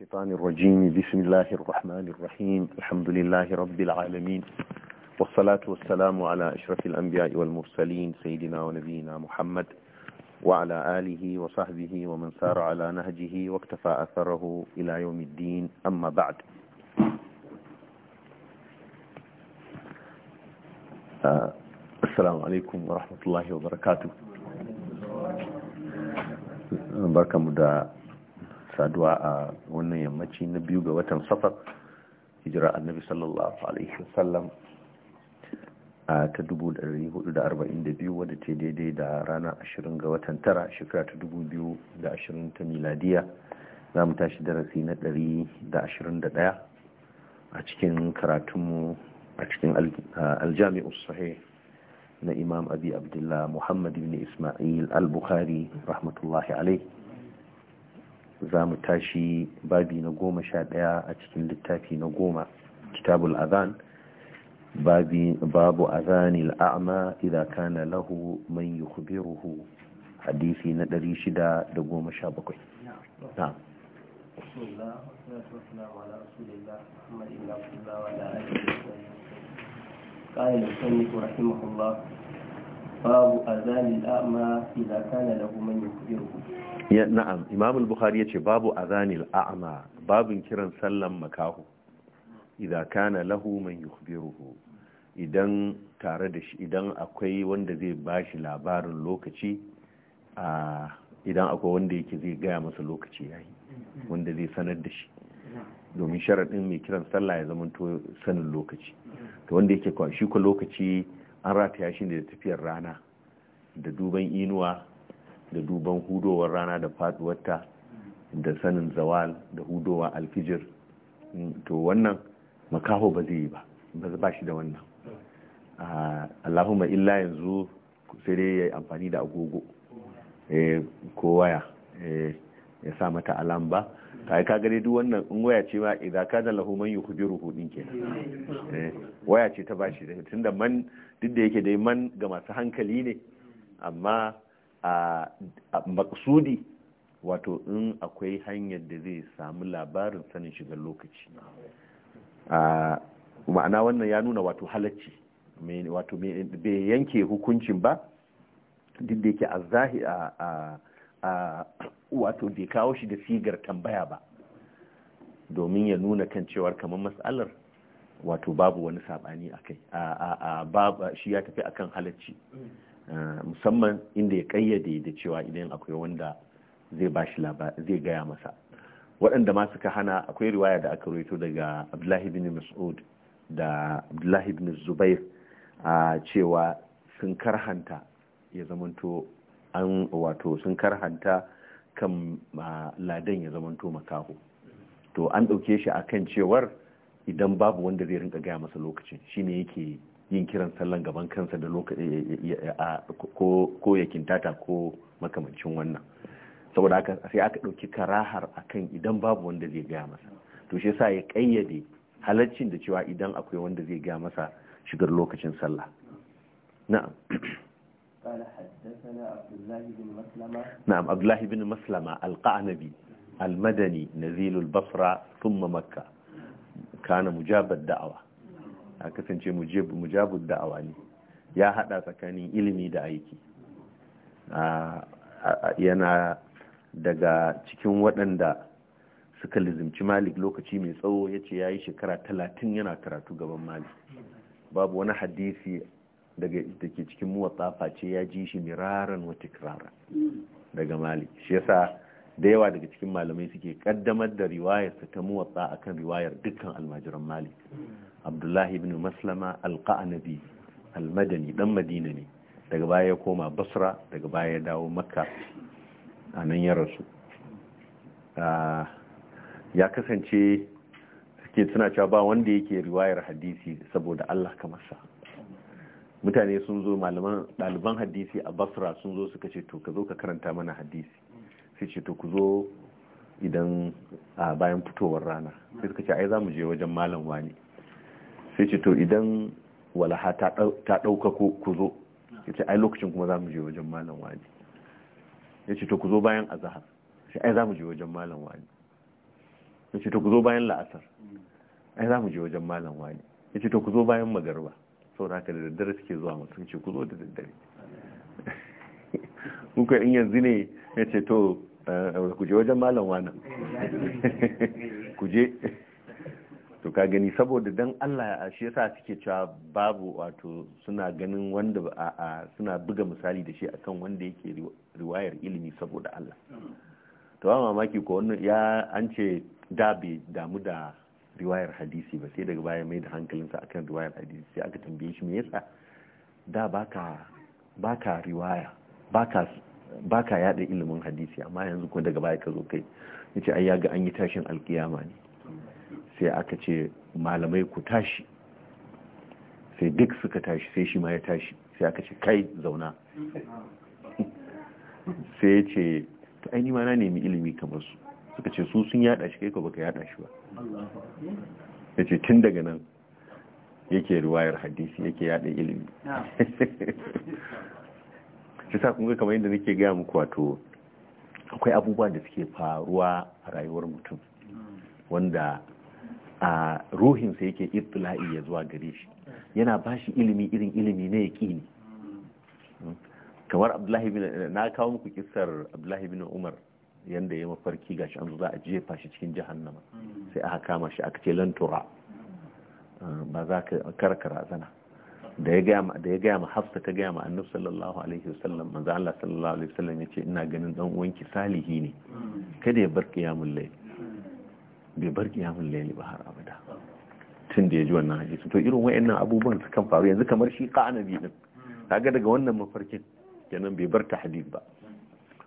الشيطان الرجيم بسم الله الرحمن الرحيم الحمد لله رب العالمين والصلاة والسلام على أشرف الأنبياء والمرسلين سيدنا ونبينا محمد وعلى آله وصحبه ومن سار على نهجه واكتفى أثره إلى يوم الدين أما بعد آه، السلام عليكم ورحمة الله وبركاته بركة مدى saduwa a wannan yammaci na biyu ga watan safar hijira annabi sallallahu alaihi wasallam a ta 442 wadda ta daidai da rana 20 ga watan tara shekara ta 2020 ta miladiya za mu tashi darasi na 121 a cikin karatunmu a cikin aljami'us sahih na imam abi abdullah muhammad ibn isma'il al-bukhari rahmatullahi alaihi za mu tashi babi na goma sha ɗaya a cikin littafi na goma kitabul azan babu azanil a'ma idan kana lahu man yukhbiruhu hadisi na 617 na'am بسم الله والصلاة والسلام da قال المصنف رحمه الله باب أذان الأعمى إذا كان له من يخبره ya na'am imam al-bukhari yace babu azanil a'ma babin kiran sallan makahu idza kana lahu man yukhbiruhu idan tare da shi idan akwai wanda zai bashi labarin lokaci a idan akwai wanda yake zai gaya masa lokaci yayi wanda zai sanar da shi domin sharadin mai kiran sallah ya zama to sanin lokaci to wanda yake kwa shi ko lokaci an rataya shi ne da tafiyar rana da duban inuwa da duban hudowar rana da faduwarta da sanin zawal da hudowa alfijir to wannan makaho ba zai yi ba ba shi da wannan allahumma illa yanzu sai dai ya yi amfani da agogo eh, ko waya eh, ya sa mata alam ba ta ka kagare duk wannan in waya ce ma idan ka da lahu man yukhbiru hudin kenan eh, waya ce ta bashi da da man duk da yake dai man ga masu hankali ne amma a maksudi wato in akwai hanyar da zai samu labarin sanin shiga lokaci ma'ana wannan ya nuna wato halacci wato bai yanke hukuncin ba duk da yake a zahi a wato bai kawo shi da sigar tambaya ba domin ya nuna kan cewar kamar matsalar wato babu wani sabani a kai shi ya tafi akan halacci Eh, musamman inda ya kayyade da cewa idan akwai wanda zai bashi labari zai gaya masa waɗanda ma suka hana akwai riwaya da aka rawaito daga abdullahi bin mas'ud da abdullahi bin zubair a cewa sun karhanta ya zamanto an wato sun karhanta kan ladan ya zamanto makaho to an ɗauke shi akan cewar idan babu wanda zai rinka gaya masa lokacin shine yake yin kiran sallan gaban kansa da ko ya kintata ko makamancin wannan saboda haka sai aka ɗauki karahar akan idan babu wanda zai gaya masa to shi sa ya ƙayyade halaccin da cewa idan akwai wanda zai gaya masa shigar lokacin sallah na'am Na'am Abdullahi عبد Maslama al مسلمة نعم عبد الله بن مسلمة القعنبي المدني a kasance mujabu da awali ya hada tsakanin ilimi da aiki yana daga cikin waɗanda suka lizimci malik lokaci mai tsawo ya ce ya yi shekara talatin yana karatu gaban malik babu wani hadisi daga da ke cikin muwatsa face ya ji shi miraran wata kirara daga malik shi yasa da yawa daga cikin malamai suke kaddamar da riwayarsa ta muwatsa akan riwayar dukkan almajiran malik abdullahi ibn maslama alqa'anabi almadani dan madina ne daga baya ya koma basra daga baya ya dawo makka a nan ya rasu ya kasance suke suna cewa ba wanda yake riwayar hadisi saboda allah kamarsa mutane sun zo malaman ɗaliban hadisi a basra sun zo suka ce to ka zo ka karanta mana hadisi sai ce to ku zo idan bayan fitowar rana sai suka ce ai za mu je wajen malam wani sai ce to idan walaha ta ɗauka ku zo ya ce ai lokacin kuma za mu je wajen malam wani ya ce to ku zo bayan azahar ce ai za mu je wajen malam wani ya ce to ku zo bayan la'asar ai za mu je wajen malam wani ya ce to ku zo bayan magarba saboda haka da daddare suke zuwa mutum ce ku zo da daddare kuka in yanzu ne ya ce to eh, ku je wajen malam wani ku je to ka gani saboda don Allah shi yasa suke cewa babu wato suna ganin wanda a suna buga misali da shi akan wanda yake riwayar ilimi saboda Allah to ba mamaki ko wannan ya an ce da bai damu da riwayar hadisi ba sai daga baya mai da hankalinsa akan riwayar hadisi sai aka tambaye shi me yasa da baka baka riwaya baka baka yada ilimin hadisi amma yanzu kuma daga baya ka zo kai yace ai ya ga an yi tashin alkiyama ne sai aka ce malamai ku tashi sai duk suka tashi sai shi ma ya tashi sai aka ce kai zauna sai ya ce ta aini ma na nemi ilimi kamar su suka ce su sun yada shi kai ko baka yada shi ba ya ce tun daga nan yake ruwayar hadisi yake yada ilimi shi sa kun ga kamar yadda nake gaya muku wato akwai abubuwa da suke faruwa a rayuwar mutum wanda a ruhinsa yake ibtila'i ya zuwa gare shi yana ba shi ilimi irin ilimi na yaƙi ne. kamar abdullahi bin na kawo muku kisar abdullahi bin umar yanda ya mafarki gashi an za a jefa shi cikin jahannama sai aka kama shi aka ce lantura ba za ka karkara zana da ya gaya ma hafsa ta gaya ma annabi sallallahu alaihi wasallam manzo Allah sallallahu alaihi wasallam yace ina ganin dan uwanki salihi ne kada ya bar qiyamul layl bai bar kiyamun laili ba har abada tun da ya ji wannan hadisi to irin wayannan abubuwan su kan faru yanzu kamar shi qanabi din kaga daga wannan mafarkin kenan bai bar tahdid ba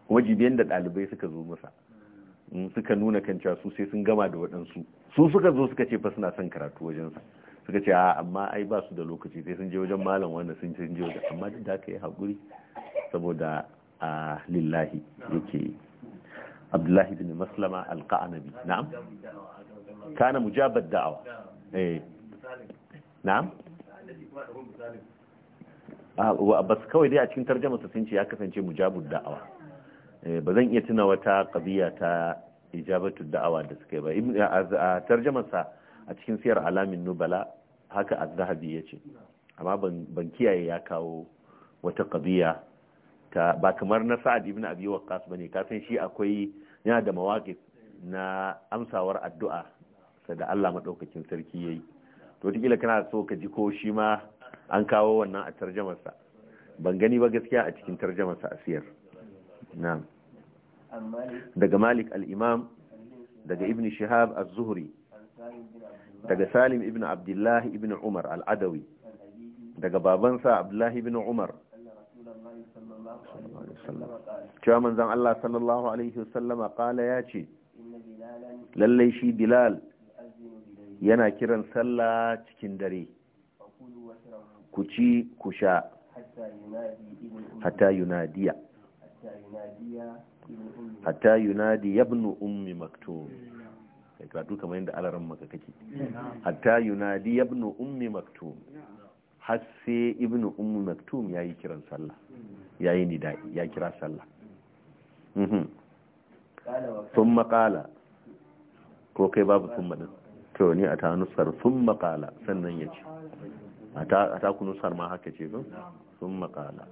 wajibiyan da ɗalibai suka zo masa mm, suka nuna kan cewa su sai sun gama da waɗansu su suka zo suka ce fa suna son karatu wajensa suka ce a amma ai ba su da lokaci sai sun je wajen malam wanda sun je wajen amma duk da aka yi haƙuri saboda a ah, lillahi yake yi abdullahi bin maslama alka'anabi na'am kana mujabar da'awa eh na'am ah, ba su kawai dai a cikin tarjamasa sun ce ya kasance mujabar da'awa eh, ba zan iya tuna wata ƙabiya ta ijabatu da'awa da suka yi ba a tarjamasa a cikin siyar alamin nubala haka zahabi ya ce amma ban kiyaye ya kawo wata ƙabiya ta ba kamar na sa'ad ibn abi waqqas bane ka san shi akwai yana da mawaƙi na amsawar addu'a da Allah maɗaukakin sarki ya yi to wataƙila kana so ka ji ko shi ma an kawo wannan a tarjamarsa ban gani ba gaskiya a cikin tarjamarsa a siyar na'am daga malik al'imam daga ibn shihab az-zuhri daga salim ibn abdullahi ibn umar al'adawi daga babansa abdullahi ibn umar cewa manzan Allah sallallahu alaihi wasallama kala ya ce lallai shi bilal yana kiran sallah cikin dare ku ci ku sha hatta yunadiya hatta yunadi yabnu ummi maktum kai karatu kamar yadda alaran maka kake hatta yunadi yabnu ummi maktum har sai ibnu ummi maktum yayi kiran sallah Yayi ni nida'i ya kira sallah sun mhm. maƙala ko kai babu sun maɗin to ni a ta nusar sun maƙala sannan ya ce a ta ku nusar ma haka ce sun maƙala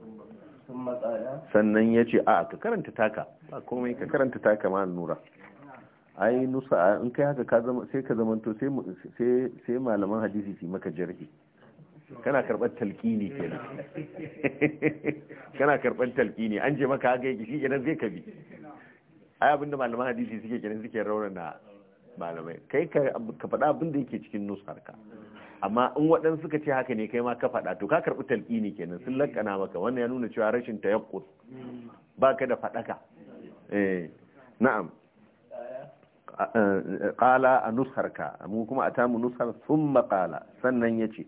sannan ya ce a ka karanta taka ba komai ka karanta taka ma nura ai nusa in kai haka sai ka zamanto sai malaman hadisi su maka jarhi kana karɓar talƙini kenan kana karɓar talƙini an je maka haka yake shi idan zai ka bi ai abinda malaman hadisi suke kenan suke na malamai kai ka faɗa abinda yake cikin ka amma in waɗansu suka ce haka ne kai ma ka faɗa to ka karɓi talƙini kenan sun lakana maka wannan ya nuna cewa rashin yankun ba ka da faɗaka eh, na'am ƙala a nusarka mu kuma a tamu nusar sun maƙala sannan ya ce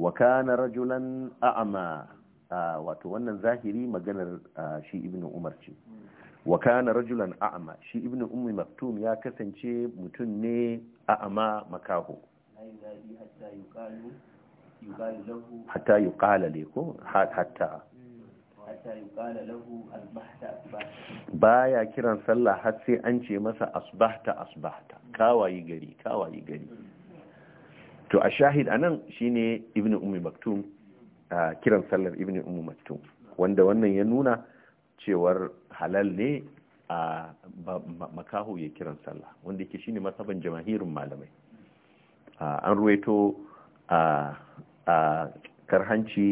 wa kana rajulan a'ama wato wannan zahiri maganar shi Ibn umar ce wa kana rajulan a'ama shi Ibn Umar maktum ya kasance mutum ne a'ama makaho hatta yuqala le ko hatta baya kiran sallah har sai an ce masa asbahta asbahta kawayi gari kawayi gari to a shahid anan shine Ibn ummi maktum kiran sallar Ibn ummi maktum wanda wannan ya nuna cewar halal ne a makaho ya kiran sallah wanda yake shine masaban jamahirin malamai an ruwaito a karhanci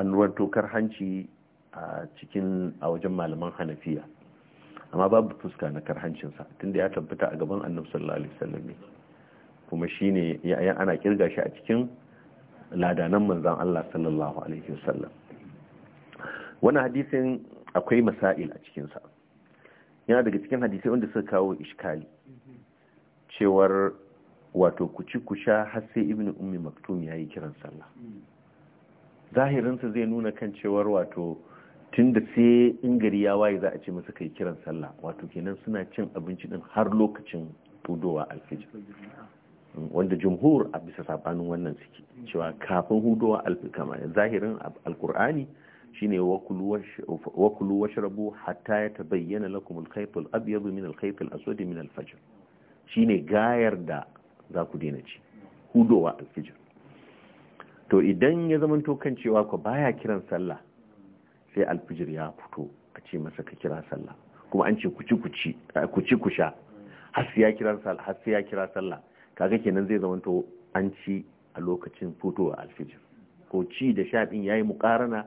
an ruwaito karhanci a cikin a wajen malaman hanafiya amma babu fuska na sa. tunda ya tabbata a gaban annabi sallallahu alaihi wasallam ne kuma shine ya ana kirga shi a cikin ladanan manzon Allah sallallahu alaihi wasallam wannan hadisin akwai masail a cikin sa yana daga cikin hadisai wanda suka kawo iskali cewar wato kuci kusha har sai ibn ummi maktum yayi kiran sallah zahirinsa zai nuna kan cewar wato tun da sai in gari ya waye za a ce masa kai kiran sallah wato kenan suna cin abinci din har lokacin hudowa alfijir wanda jumhur a bisa sabanin wannan suke cewa kafin hudowa alfijir kama zahirin alkur'ani shine wa kulu washrabu hatta tabayyana lakum al abyad min al aswad min al shine gayar da za ku daina ci hudowa alfijir to idan ya zamanto kan cewa ku baya kiran sallah sai alfijir ya fito a ce masa ka kira sallah kuma an ce kuci kusha har sai ya kira sallah kira sallah kaga kenan zai zama to an ci a lokacin fitowa alfijir ko ci da sha din yayi muqarana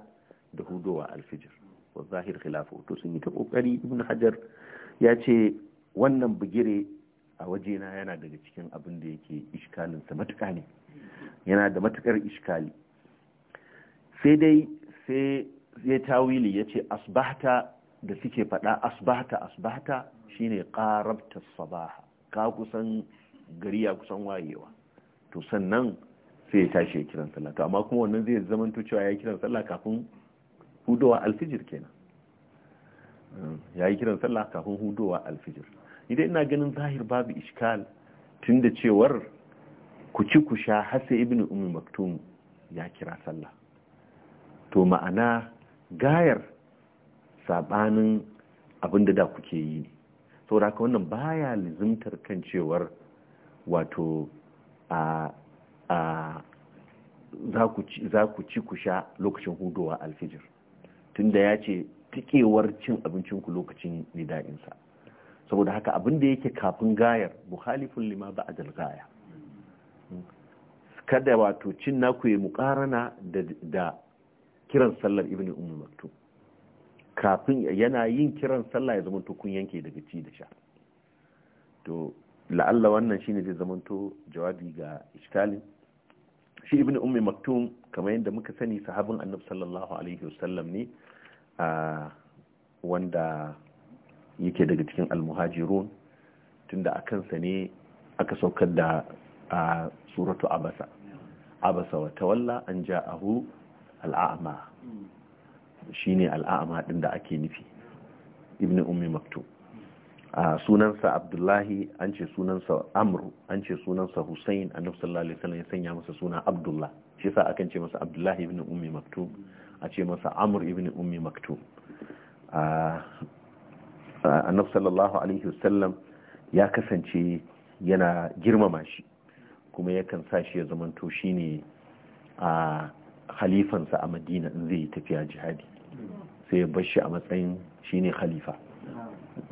da hudowa alfijir wa zahir khilafu to sun yi ta ƙoƙari ibn hajar ya ce wannan bugire a wajena yana daga cikin abin da yake iskalinsa matuƙa ne yana da matukar iskali sai dai sai zai tawili ya ce asbahta da suke faɗa asbahta asbahta shine ƙarabta sabaha ka kusan gari ya kusan wayewa to sannan sai ya tashi ya kiran sallah to amma kuma wannan zai zama to cewa ya kiran sallah kafin hudowa alfijir kenan ya yi kiran sallah kafin hudowa alfijir idan eh, ina ganin zahir babu iskal tunda cewar ku ci ku sha hasa ibnu ummi maktum ya kira sallah to ma'ana gayar sabanin abin da da kuke yi ne saboda haka wannan baya lizimtar kan cewar wato a za ku ci ku sha lokacin hudowa alfijir tunda ya ce tikewar cin abincinku lokacin nida'insa saboda haka abin da yake kafin gayar muhalifin lima ba a gaya kada wato cin naku ya mukarana da kiran sallar ibn ummu maktum kafin yana yin kiran sallah ya zamanta kun yanke daga ci da sha to la'alla wannan shine zai zamanto jawabi ga iskalin shi ibn ummi maktum kamar yadda muka sani sahabin annab sallallahu alaihi wasallam ne a wanda yake daga cikin almuhajirun tunda a kansa ne aka saukar da suratu abasa abasa wa tawalla an ja'ahu al'a'ama shi ne al'a'ama ɗin da ake nufi ibn ummi maktu a sunansa abdullahi an ce sunansa amru an ce sunansa hussein a nufsar alaihi na ya sanya masa suna abdullah shi sa akan ce masa abdullahi ibn ummi maktu a ce masa amr ibn ummi maktu annabi sallallahu alaihi wasallam ya kasance yana girmama shi kuma yakan sa shi ya zamanto ne a khalifansa a madina in zai yi tafiya jihadi sai ya bar a matsayin shine halifa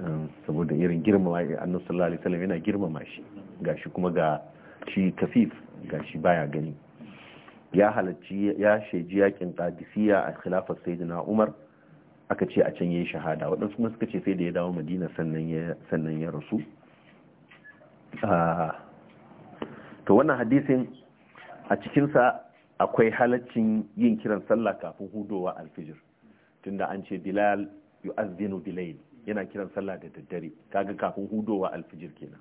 um, saboda irin girmama annabi sallallahu alaihi wasallam yana girmama shi gashi kuma ga shi kafif gashi baya gani ya halarci ya sheji yakin qadisiyya a khilafar sayyidina umar aka ce a can yayi shahada waɗansu kuma suka ce sai da ya dawo madina sannan ya sannan ya rasu ah, to wannan hadisin a cikin sa akwai halaccin yin kiran sallah kafin hudowa alfijir tunda an ce bilal yu'azzinu bilayl yana kiran sallah da daddare kaga kafin hudowa alfijir kenan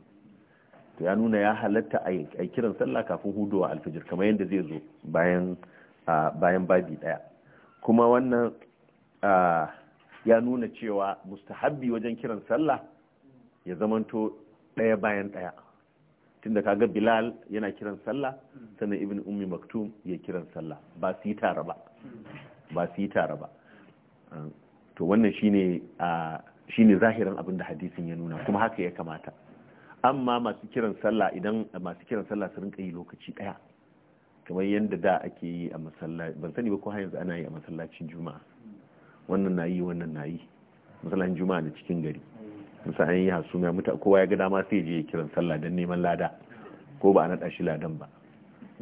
to ya nuna ya halatta a kiran sallah kafin hudowa alfijir kamar yadda zai zo bayan bayan babi daya kuma wannan ya nuna cewa mustahabbi wajen kiran sallah ya zamanto daya bayan daya tunda kaga bilal yana kiran sallah sannan ibn ummi maktum ya kiran sallah ba su yi tara ba ba su yi tara ba to wannan shine shine zahirin abin da hadisin ya nuna kuma haka ya kamata amma masu kiran sallah idan masu kiran sallah su rinka yi lokaci ɗaya kamar yadda da ake yi a masallaci ban sani ba ko har yanzu ana yi a masallacin juma'a wannan na yi wannan na yi masallacin juma'a na cikin gari sa an yi hasumiya mutu kowa ya ga dama sai je kiran sallah don neman lada ko ba a naɗa shi ladan ba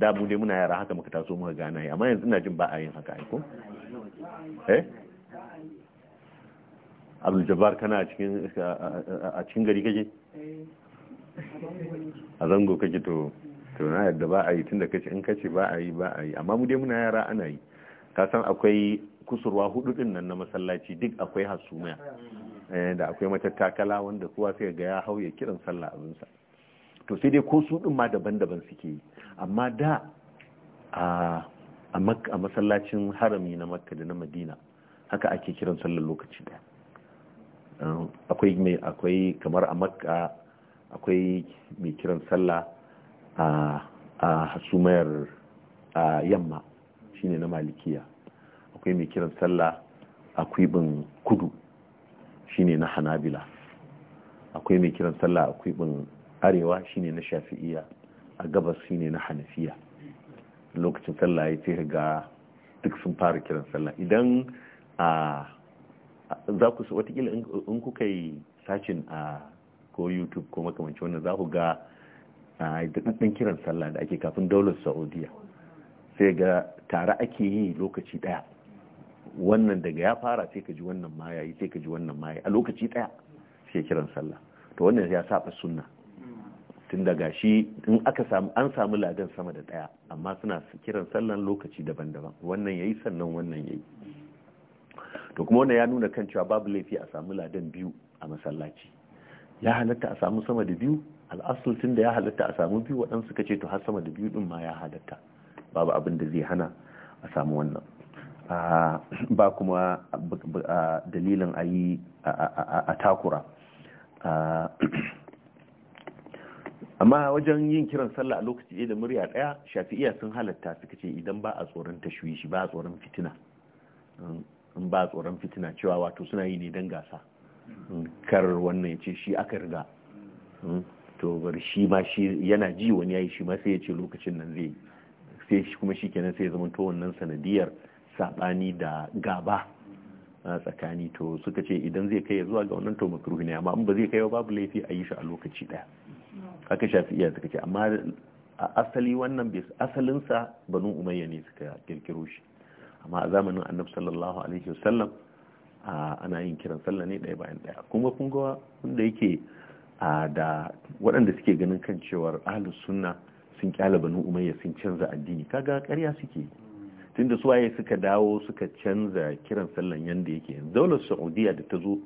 da mu dai muna yara haka muka taso muka gana yi amma yanzu ina jin ba a yin haka aiko eh abdul jabbar kana a cikin a cikin gari kake a zango kake to to na yadda ba a yi tunda kace in kace ba a yi ba a yi amma mu dai muna yara ana yi ka san akwai kusurwa hudu din nan na masallaci duk akwai hasumiya Eh, da akwai matattakala wanda kowa sai ga ya hau ya kiran sallah abinsa to sai dai ko su din ma daban-daban suke yi amma da a masallacin harami na makka da na madina haka ake kiran sallar lokaci da akwai mai akwai kamar a makka akwai mai kiran sallah a hasumayar yamma shine na malikiya akwai mai kiran sallah a kwibin kudu shine na hanabila akwai mai kiran sallah a kwibin arewa shine na shafi'iya a gabas shine na hanafiya lokacin sallah ya ce ga duk sun fara kiran sallah idan a za ku su watakila in kuka yi sacin a ko youtube ko makamanci wannan za ku ga daɗaɗɗen kiran sallah da ake kafin daular saudiya sai ga tare ake yi lokaci ɗaya wannan daga ya fara sai ka ji wannan ma yayi sai ka ji wannan ma yayi a lokaci daya sai kiran sallah to wannan ya saba sunna tun daga shi in aka samu an samu ladan sama da daya amma suna kiran sallan lokaci daban-daban wannan yayi sannan wannan yayi to kuma wannan ya nuna kan cewa babu laifi a samu ladan biyu a masallaci ya halatta a samu sama da biyu al'asul tun da ya halatta a samu biyu waɗansu suka ce to har sama da biyu din ma ya halatta babu abin da zai hana a samu wannan ba kuma dalilin a yi a takura amma wajen yin kiran sallah a lokaci da murya ɗaya shafi'iya sun halatta suka ce idan ba a tsoron tashwishi ba a tsoron fitina in ba a tsoron fitina cewa wato suna yi ne don gasa kar wannan ya ce shi aka riga to bari shi ma shi yana ji wani ya yi shi ma sai ya ce lokacin nan zai sai shi kuma shi kenan sai ya zama to wannan sanadiyar saɓani da gaba a tsakani to suka ce idan zai kai zuwa ga wannan to makruhi ne amma in ba zai kai babu laifi a yi shi a lokaci ɗaya haka iya suka ce amma a asali wannan bai asalinsa banu umayya ne suka kirkiro shi amma a zamanin annabi sallallahu alaihi wasallam ana yin kiran sallah ne ɗaya bayan ɗaya kuma kun ga wanda yake da waɗanda suke ganin kan cewar ahlus sunna sun kyala banu umayya sun canza addini kaga ƙarya suke tunda su waye suka dawo suka canza kiran sallan yanda yake daular saudiya da ta zo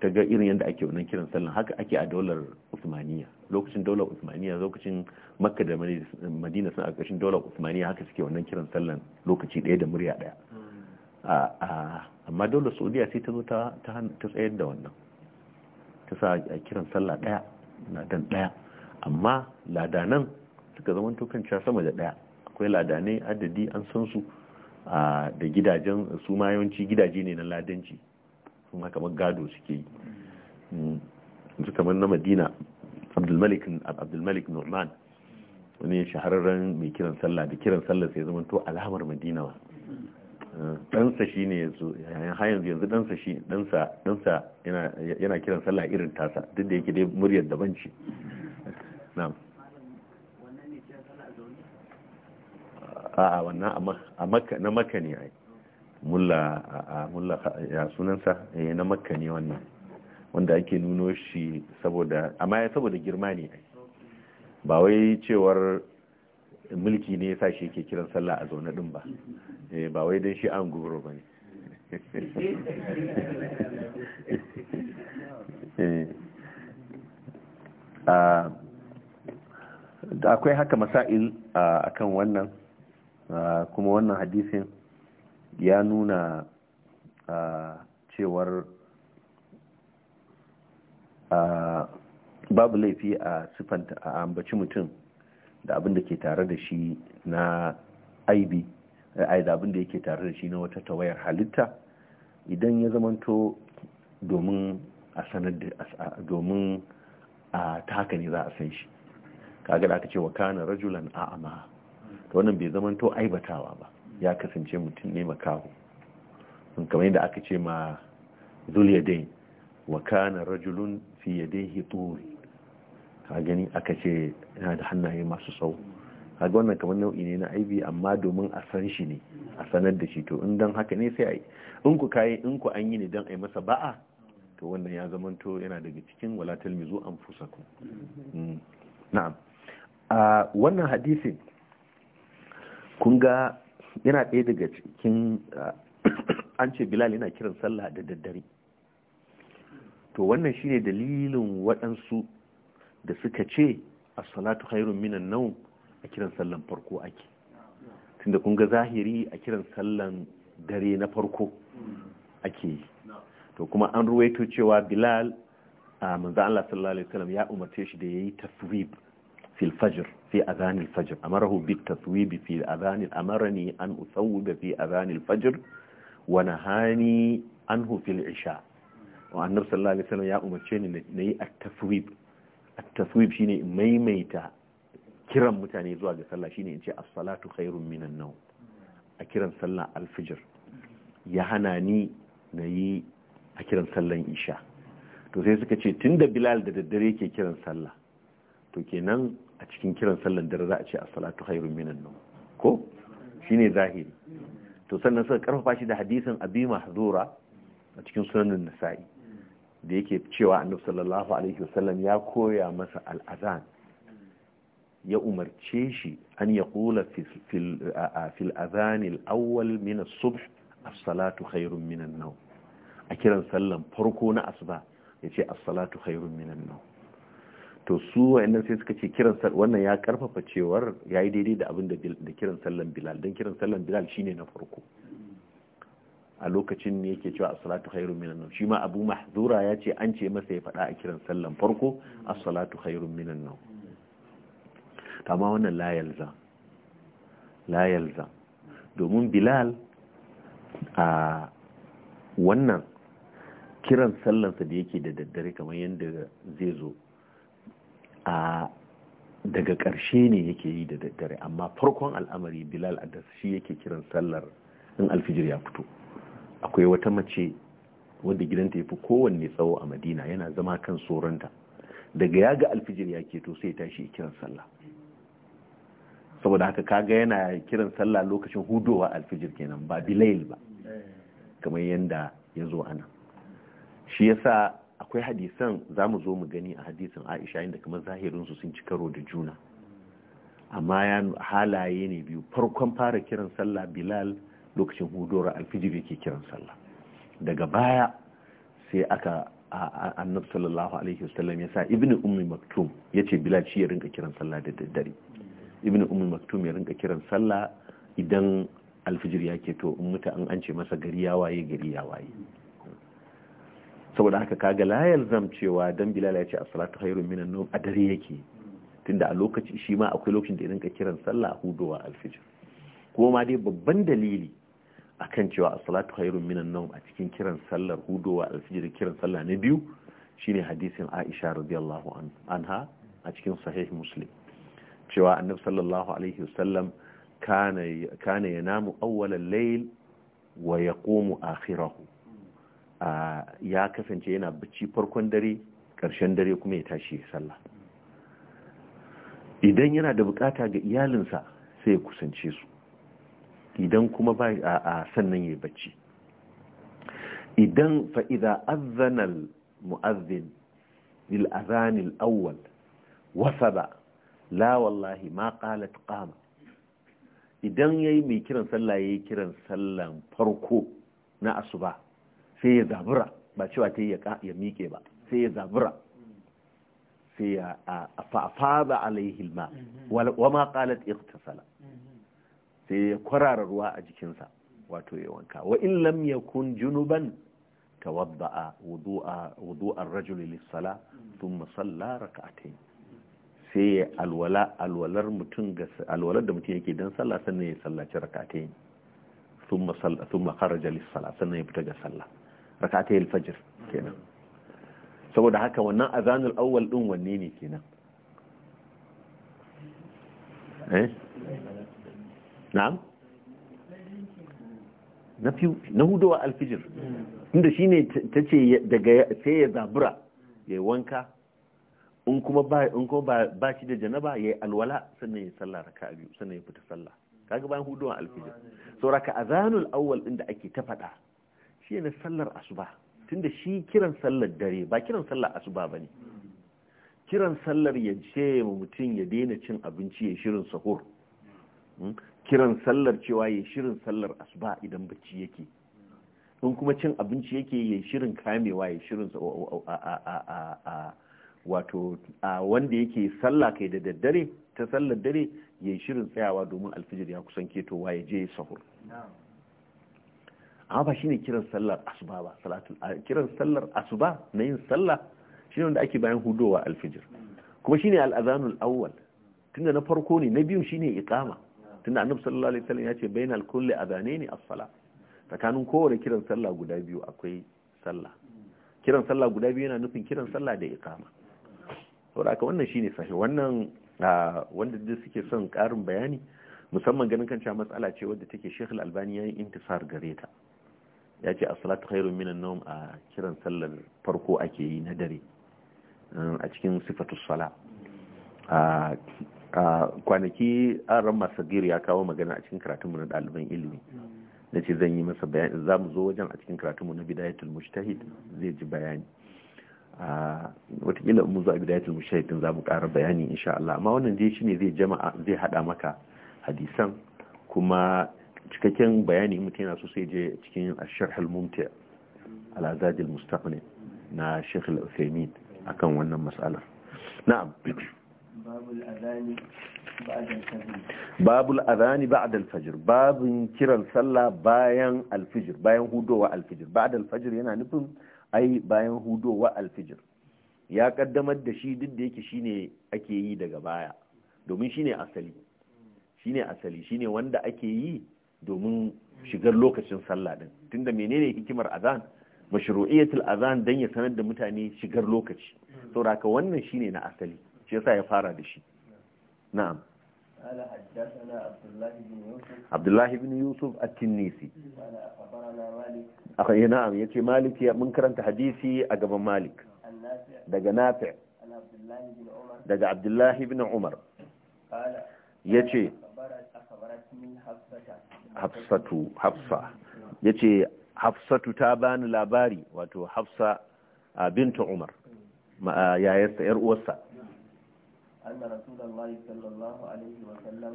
ta ga irin yadda ake wannan kiran sallan haka ake a daular usmaniya lokacin daular usmaniya lokacin makka da madina suna a ƙarshen daular usmaniya haka suke wannan kiran sallan lokaci ɗaya da murya ɗaya amma daular saudiya sai ta zo ta tsayar da wannan ta sa a kiran sallah ɗaya na dan ɗaya amma ladanan suka zama tukan sama da ɗaya akwai ladanai adadi an san su da gidajen su ma yawanci gidaje ne na ladanci su ma kamar gado suke yi su mm. kamar na madina abdulmalik norman wani shahararren mai kiran sallah da kiran sallah sai zama to alamar madina wa mm. ɗansa shi ne yanzu yanzu yanzu ɗansa shi ɗansa yana kiran sallah irin tasa duk da yake dai muryar daban ce na'am a wannan a makka na makka ne ai mulla a mulla ya sunansa eh na makka ne wannan wanda ake nuno shi saboda amma ya saboda girma ne ai ba wai cewar mulki ne yasa shi yake kiran sallah a zaune din ba eh ba wai dan shi an gubro bane eh, da akwai haka masail akan wannan Ah, kuma wannan hadisin ya nuna ah, cewar ah, babu laifi a sifanta a ambaci mutum da abin da ke tare da shi na aibi eh, da abin da yake tare da shi na wata tawayar halitta idan ya zamanto domin a sanar da domin a ta haka ne za a san shi kaga da aka ce wa kana rajulan a'ama to wannan bai zama to aibatawa ba ya kasance mutum ne makaho kamar yadda aka ce ma zuliyadain wa kana rajulun fi yadayhi turi ka gani aka ce yana da hannaye masu tsawo ga wannan kamar nau'i ne na aibi amma domin a san shi ne a sanar da shi to in dan haka ne sai a yi in ku kayi in ku an yi ne dan a yi masa ba'a to wannan ya zamanto yana daga cikin wala talmizu ku hmm. na'am a ah, wannan hadisin kun ga yana ɗaya daga cikin ah, an ce bilal yana kiran sallah da daddare to wannan shine dalilin waɗansu da suka ce a salatu hairun minan nau a kiran sallan farko ake tunda kun ga zahiri a kiran sallan dare na farko ake yi to kuma an ruwaito cewa bilal a ah, manzan Allah sallallahu alaihi wasallam ya umarce shi da yayi yi fil fajr في أذان الفجر أمره bit في fi أمرني أن an في أذان الفجر ونهاني أنه في العشاء وأن isha الله عليه وسلم يا أمر ya umarce ni na yi at-taswib taswib in maimaita kiran mutane zuwa ga sallah shine in ce as-salatu khairun minan nawm a kiran sallah al-fajr ya hana ni na a kiran sallan isha to sai suka ce tun da bilal da daddare yake kiran sallah to kenan a cikin kiran sallan dare za a ce as-salatu khairun minan nawm ko shine zahiri to sannan suka karfafa shi da hadisin abi mahzura a cikin sunanin nasa'i da yake cewa annabi sallallahu alaihi wasallam ya koya masa al ya umarce shi an ya kula fil azanil awwal min as-subh salatu khairun minan nawm a kiran sallan farko na asuba yace as-salatu khairun minan nawm to su wa'annan sai suka ce kiran wannan ya karfafa cewar ya yi daidai da abin da kiran sallan bilal don kiran sallan bilal shine na farko a lokacin ne yake cewa as-salatu khairun minan nawm shi ma Abu Mahzura ya ce an ce masa ya faɗa a kiran sallan farko as-salatu khairun minan nawm amma wannan la yalza la yalza domin Bilal a wannan kiran sallansa da yake da daddare kamar yadda zai zo a daga ƙarshe ne yake yi da daddare amma farkon al'amari bilal adas shi yake kiran sallar in alfijir ya fito akwai wata mace wanda gidanta ya fi kowanne tsawo a madina yana zama kan tsoronta daga ya ga alfijir ya keto sai tashi kiran sallah saboda haka kaga yana kiran sallah lokacin hudowa alfijir kenan ba bilail ba kamar yadda ya zo ana shi yasa akwai hadisan za mu zo mu gani a hadisan aisha inda kamar zahirinsu sun ci karo da juna amma ya halaye ne biyu farkon fara kiran sallah bilal lokacin hudura alfijir yake kiran sallah daga baya sai aka annab sallallahu alaihi wasallam ya sa Ibn ummi maktum ya ce bilal shi ya rinka kiran sallah da daddare Ibn ummi maktum ya rinka kiran sallah idan alfijir ya to in muta an ce masa gari ya waye gari ya waye saboda haka ka ga yalzam cewa dan bilal ya ce a salatu hairun minan nawm a dare yake tunda a lokaci shi ma akwai lokacin da idan ka kiran sallah hudowa alfijir kuma ma dai babban dalili akan cewa a salatu hairun minan nawm a cikin kiran sallar hudowa alfijir kiran sallah na biyu shine hadisin Aisha radiyallahu anha a cikin sahih Muslim cewa annabi sallallahu alaihi wasallam kana kana yanamu awwalal layl wa yaqumu akhirahu ya kasance yana bacci farkon dare ƙarshen dare kuma ya tashi sallah idan yana da bukata ga iyalinsa sai ya kusance su idan kuma ba a sannan ya bacci idan fa'iza azanal mu'azzin lil'azanil awwal wasa ba la wallahi ma qalat qama idan yayi mai kiran sallah yayi kiran sallan farko na asuba sai ya zabura ba cewa ta ya miƙe ba sai ya zabura sai ya fa'afaza alaihi ma mm-hmm. wa ma qalat iqtasala mm-hmm. sai ya kwarara ruwa a jikinsa wato ya wanka wa in lam yakun junuban tawadda'a a wudu'ar rajuli lis-sala mm-hmm. thumma salla rak'atayn sai alwala alwalar mutum alwalar da mutum yake don sallah sannan ya sallaci raka a ta yi sun lis lissala sannan ya fita ga sallah rakatai yi kenan saboda haka wannan azanul awwal din wanne ne kenan eh na'am na fi na hudowa alfijir inda shine tace daga sai ya zabura ya wanka in kuma ba in kuma ba shi da janaba yayi alwala sannan ya sallar raka'a biyu sannan ya fita sallah kaga bayan hudowa alfijir so raka azanul awwal din da ake ta fada shi ne sallar asuba tunda shi kiran sallar dare ba kiran sallar asuba ba ne kiran sallar ya ce ma mutum ya daina cin abinci ya shirin sahur hmm? kiran sallar cewa ya shirin sallar asuba idan bacci yake in kuma cin abinci yake ya shirin kamewa ya shirin wato wanda yake salla kai da daddare ta sallar dare ya shirin tsayawa domin alfijir ya kusan ketowa ya je sahur amma ba shine kiran sallar asuba ba salatul kiran sallar asuba na yin sallah shine wanda ake bayan hudowa alfijir kuma shine al-azanul awwal tunda na farko ne na biyu shine iqama tunda annabi sallallahu alaihi wasallam ya ce bainal kulli adhanaini as-sala tsakanin kowane kiran sallah guda biyu akwai sallah kiran sallah guda biyu yana nufin kiran sallah da iqama saboda haka wannan shine sahi wannan wanda duk suke son karin bayani musamman ganin kan cewa matsala ce wadda take Sheikh Al-Albani yayin intisar gare ta ya ce asalatu salatu khairun minan nawm a kiran sallar farko ake yi na dare mm, a cikin sifatu sala a kwanaki an ran giri ya kawo magana a cikin karatunmu na ɗaliban ilimi na ce zan yi masa bayani za mu zo wajen a cikin karatunmu na bidayatul mujtahid zai ji bayani watakila mu zo a bidayatul mujtahid din za mu ƙara bayani insha Allah amma wannan dai shine zai jama'a zai haɗa maka hadisan kuma cikakken bayani mutum yana so je cikin asharh al-mumti al na Sheikh al a kan wannan mas'alar na'am babul azani ba a dalfajir babin kiran sallah bayan alfijir, bayan hudowa alfijir ba a dalfajir yana nufin ai bayan hudowa alfijir ya kaddamar da shi duk da yake shine ake yi daga baya domin shine asali shine asali shine wanda ake yi domin shigar lokacin sallah din tunda menene hikimar azan mashru'iyatul azan dan ya sanar da mutane shigar lokaci saboda haka wannan shine na asali shi yasa ya fara da shi na'am Abdullahi bin Yusuf at بن يوسف na'am yace Malik ya mun karanta hadisi a gaban malik daga nafi daga abdullahi bin umar ya ce hafsatu hafsa ya ce hafsatu ta bani labari wato hafsa bintu umar yayarsa yar uwarsa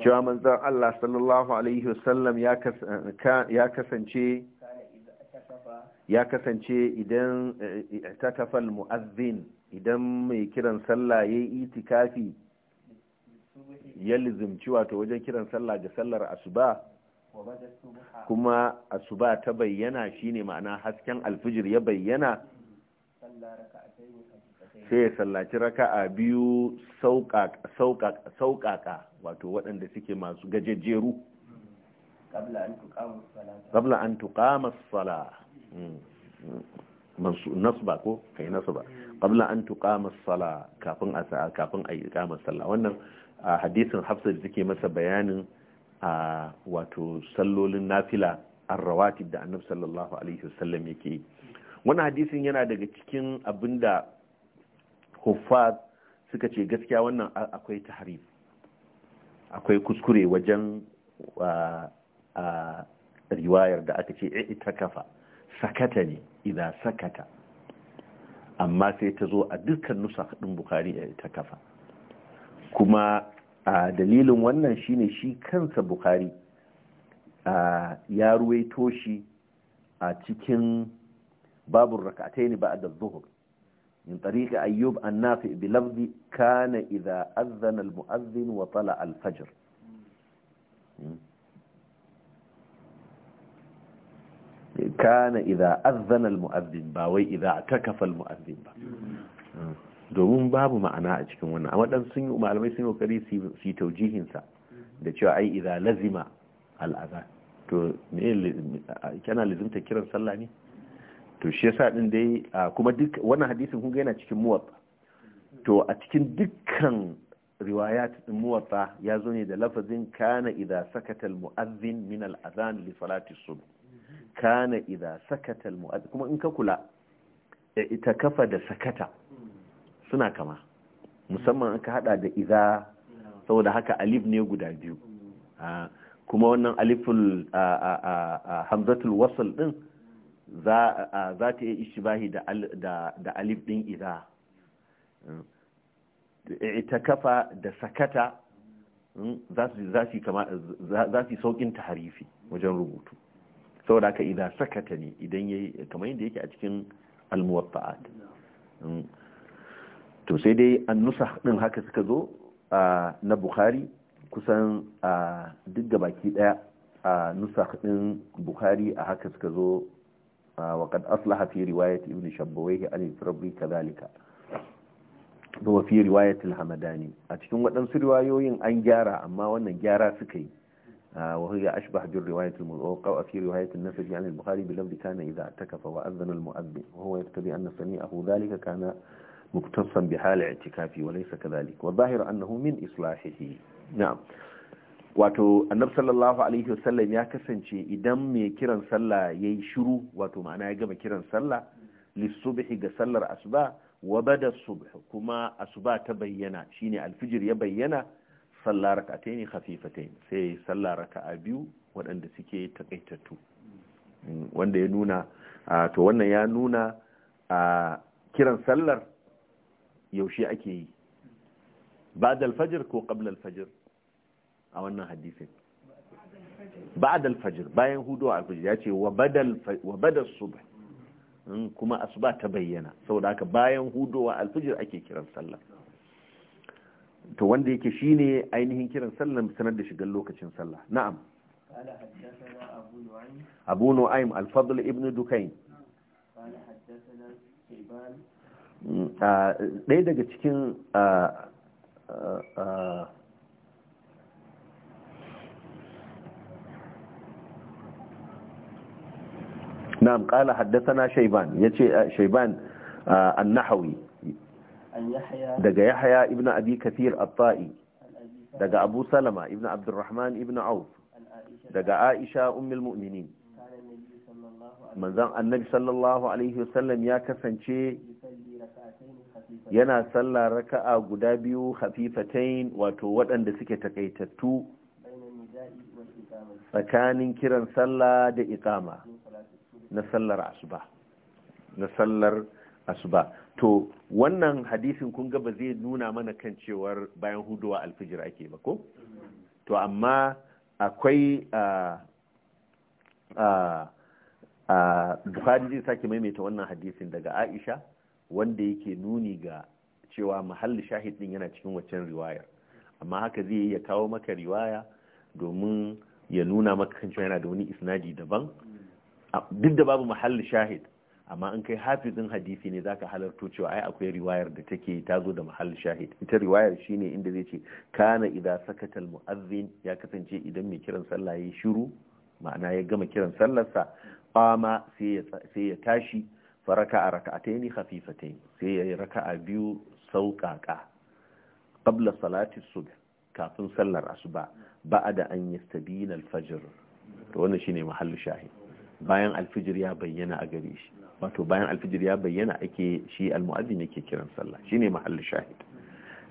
cewa manzan Allah sallallahu alaihi wasallam ya kasance ya kasance idan eh, eh, takafal mu'azzin idan mai kiran sallah ya yi itikafi ya lizimci wato wajen kiran sallah ga sallar asuba kuma asuba ta bayyana shine ma'ana hasken alfijir ya bayyana sai ya sallaci raka'a biyu sauƙaƙa wato waɗanda suke masu gajejjeru ƙabla an tuqama as hmm. hmm. nasu ba ko kai ba ƙabla an tuqama sala kafin a yi a sallah wannan hadisin Hafsa da take masa bayanin a wato sallolin nafila arrawatib da annabi sallallahu alaihi wasallam yake yi wannan hadisin yana daga cikin abinda huffaz suka ce gaskiya wannan akwai tahrif akwai kuskure wajen riwayar da aka ce ita kafa sakata ne idan sakata amma sai ta zo a dukkan nusa ɗin bukari a ita kafa kuma a dalilin wannan shine shi kansa bukari a ya ruwaito shi a cikin babun rakatai ne ba'da adh-dhuhr min tariqi ayyub an-nafi bi lafzi kana idha adhana al-mu'adhdhin wa tala al-fajr kana idha adhana al-mu'adhdhin ba wai idha takafa al-mu'adhdhin ba domin babu ma'ana a cikin wannan amma dan sun yi malamai sun yi kokari su taujihin sa da cewa ai idza lazima al'azan to me kana lazimta kiran sallah ne to shi yasa din dai kuma duk wannan hadisin kun ga yana cikin muwatta to a cikin dukkan riwayat din muwatta ya zo ne da lafazin kana idza sakata al-mu'adhdhin min al-adhan li salati subh kana idza sakata al-mu'adhdhin kuma in ka kula e, ita kafa da sakata suna kama musamman aka hada da iza saboda haka alif ne guda biyu kuma wannan aliful hamzatul wasal din za ta yi ishibahi da alif din iza ita kafa da sakata hmm, za su yi saukin taharifi wajen rubutu saboda haka idan sakata ne idan ya kamar yadda yake a cikin almuwaffa'at hmm. to sai dai nusar din haka suka zo na bukhari kusan duk da baki daya a nusar din bukhari a haka suka zo wa kad aslaha fi riwayat ibn shabbawayhi al-tirmidhi kadhalika wa fi riwayat al-hamadani a cikin waɗansu riwayoyin an gyara amma wannan gyara suka yi وهي أشبه بالرواية الموقعة في رواية النسج عن البخاري بلفظ كان إذا اعتكف وأذن المؤذن وهو يقتضي أن سميعه ذلك kana. مختصا بحال اعتكافي وليس كذلك والظاهر أنه من إصلاحه نعم wato annab sallallahu alaihi wasallam ya kasance idan mai kiran sallah ya yi shiru wato ma'ana ya gama kiran sallah lissubihi ga sallar asuba wa bada subh kuma asuba ta bayyana shine alfijir ya bayyana sallah rak'atayn khafifatain sai sallah raka'a biyu waɗanda suke takaitattu wanda ya nuna to wannan ya nuna a kiran sallar yaushe ake yi ba'd da alfajir ko qabla alfajir? a wannan hadisin ba'd da alfajir, bayan hudu a alfajir yace wa badal wa badal subh kuma asuba ta bayyana saboda haka bayan hudu a alfajir ake kiran sallah to wanda yake shine ainihin kiran sallah sanar da shigar lokacin sallah na'am abu nu'aym al-fadl ibn dukayn قال حدثنا شيبان ɗaya daga cikin na amƙala haddasa na shaiban ya ce shaiban an nahawi daga ya haya ibn abi abba'i daga abu salama ibn abdurrahman ibn au daga aisha umil mu'mini manzan annabi sallallahu alaihi wasallam ya kasance yana sallah raka'a guda biyu hafifatain wato waɗanda suke takaitattu tsakanin kiran sallah da iqama na sallar asuba na sallar asuba to wannan hadisin kun ga ba zai nuna mana kan cewar bayan huduwa alfijir ake ba ko to amma akwai a a a zai sake maimaita wannan hadisin daga Aisha wanda yake nuni ga cewa mahalli shahid din yana cikin waccan riwayar amma haka zai yi ya kawo maka riwaya domin ya nuna maka kan yana da wani isnadi daban duk da babu mahalli shahid amma in kai hafizin hadisi ne zaka halarto cewa ai akwai riwayar da take ta zo da mahalli shahid ita riwayar shine inda zai ce kana idza sakata al mu'azzin ya kasance idan mai kiran sallah yayi shiru ma'ana ya gama kiran sallarsa fama sai ya tashi faraka a raka'ataini khafifataini sai yayi raka'a biyu sauƙaƙa qabla salati subh kafin sallar asuba ba'da an yastabina al-fajr to wannan shine mahallu shahid bayan alfijir ya bayyana a gare shi wato bayan alfijir ya bayyana ake shi almu'adhin yake kiran sallah shine mahallu shahid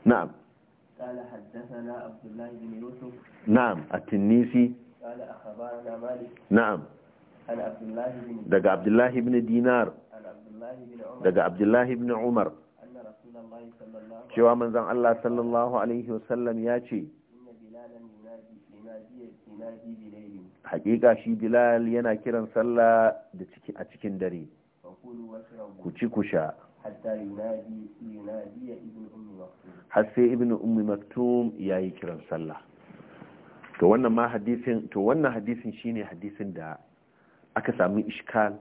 na'am قال حدثنا عبد الله بن يوسف نعم التنيسي قال اخبرنا مالك نعم عن عبد الله بن دغ عبد الله بن دينار daga abdullahi ibn umar cewa manzan Allah sallallahu alaihi wasallam ya ce hakika shi bilal yana kiran sallah da ciki a cikin dare ku ci ku sha har sai ibn ummi maktum ya yi kiran sallah to wannan ma hadisin to wannan hadisin shine hadisin da aka samu ishkal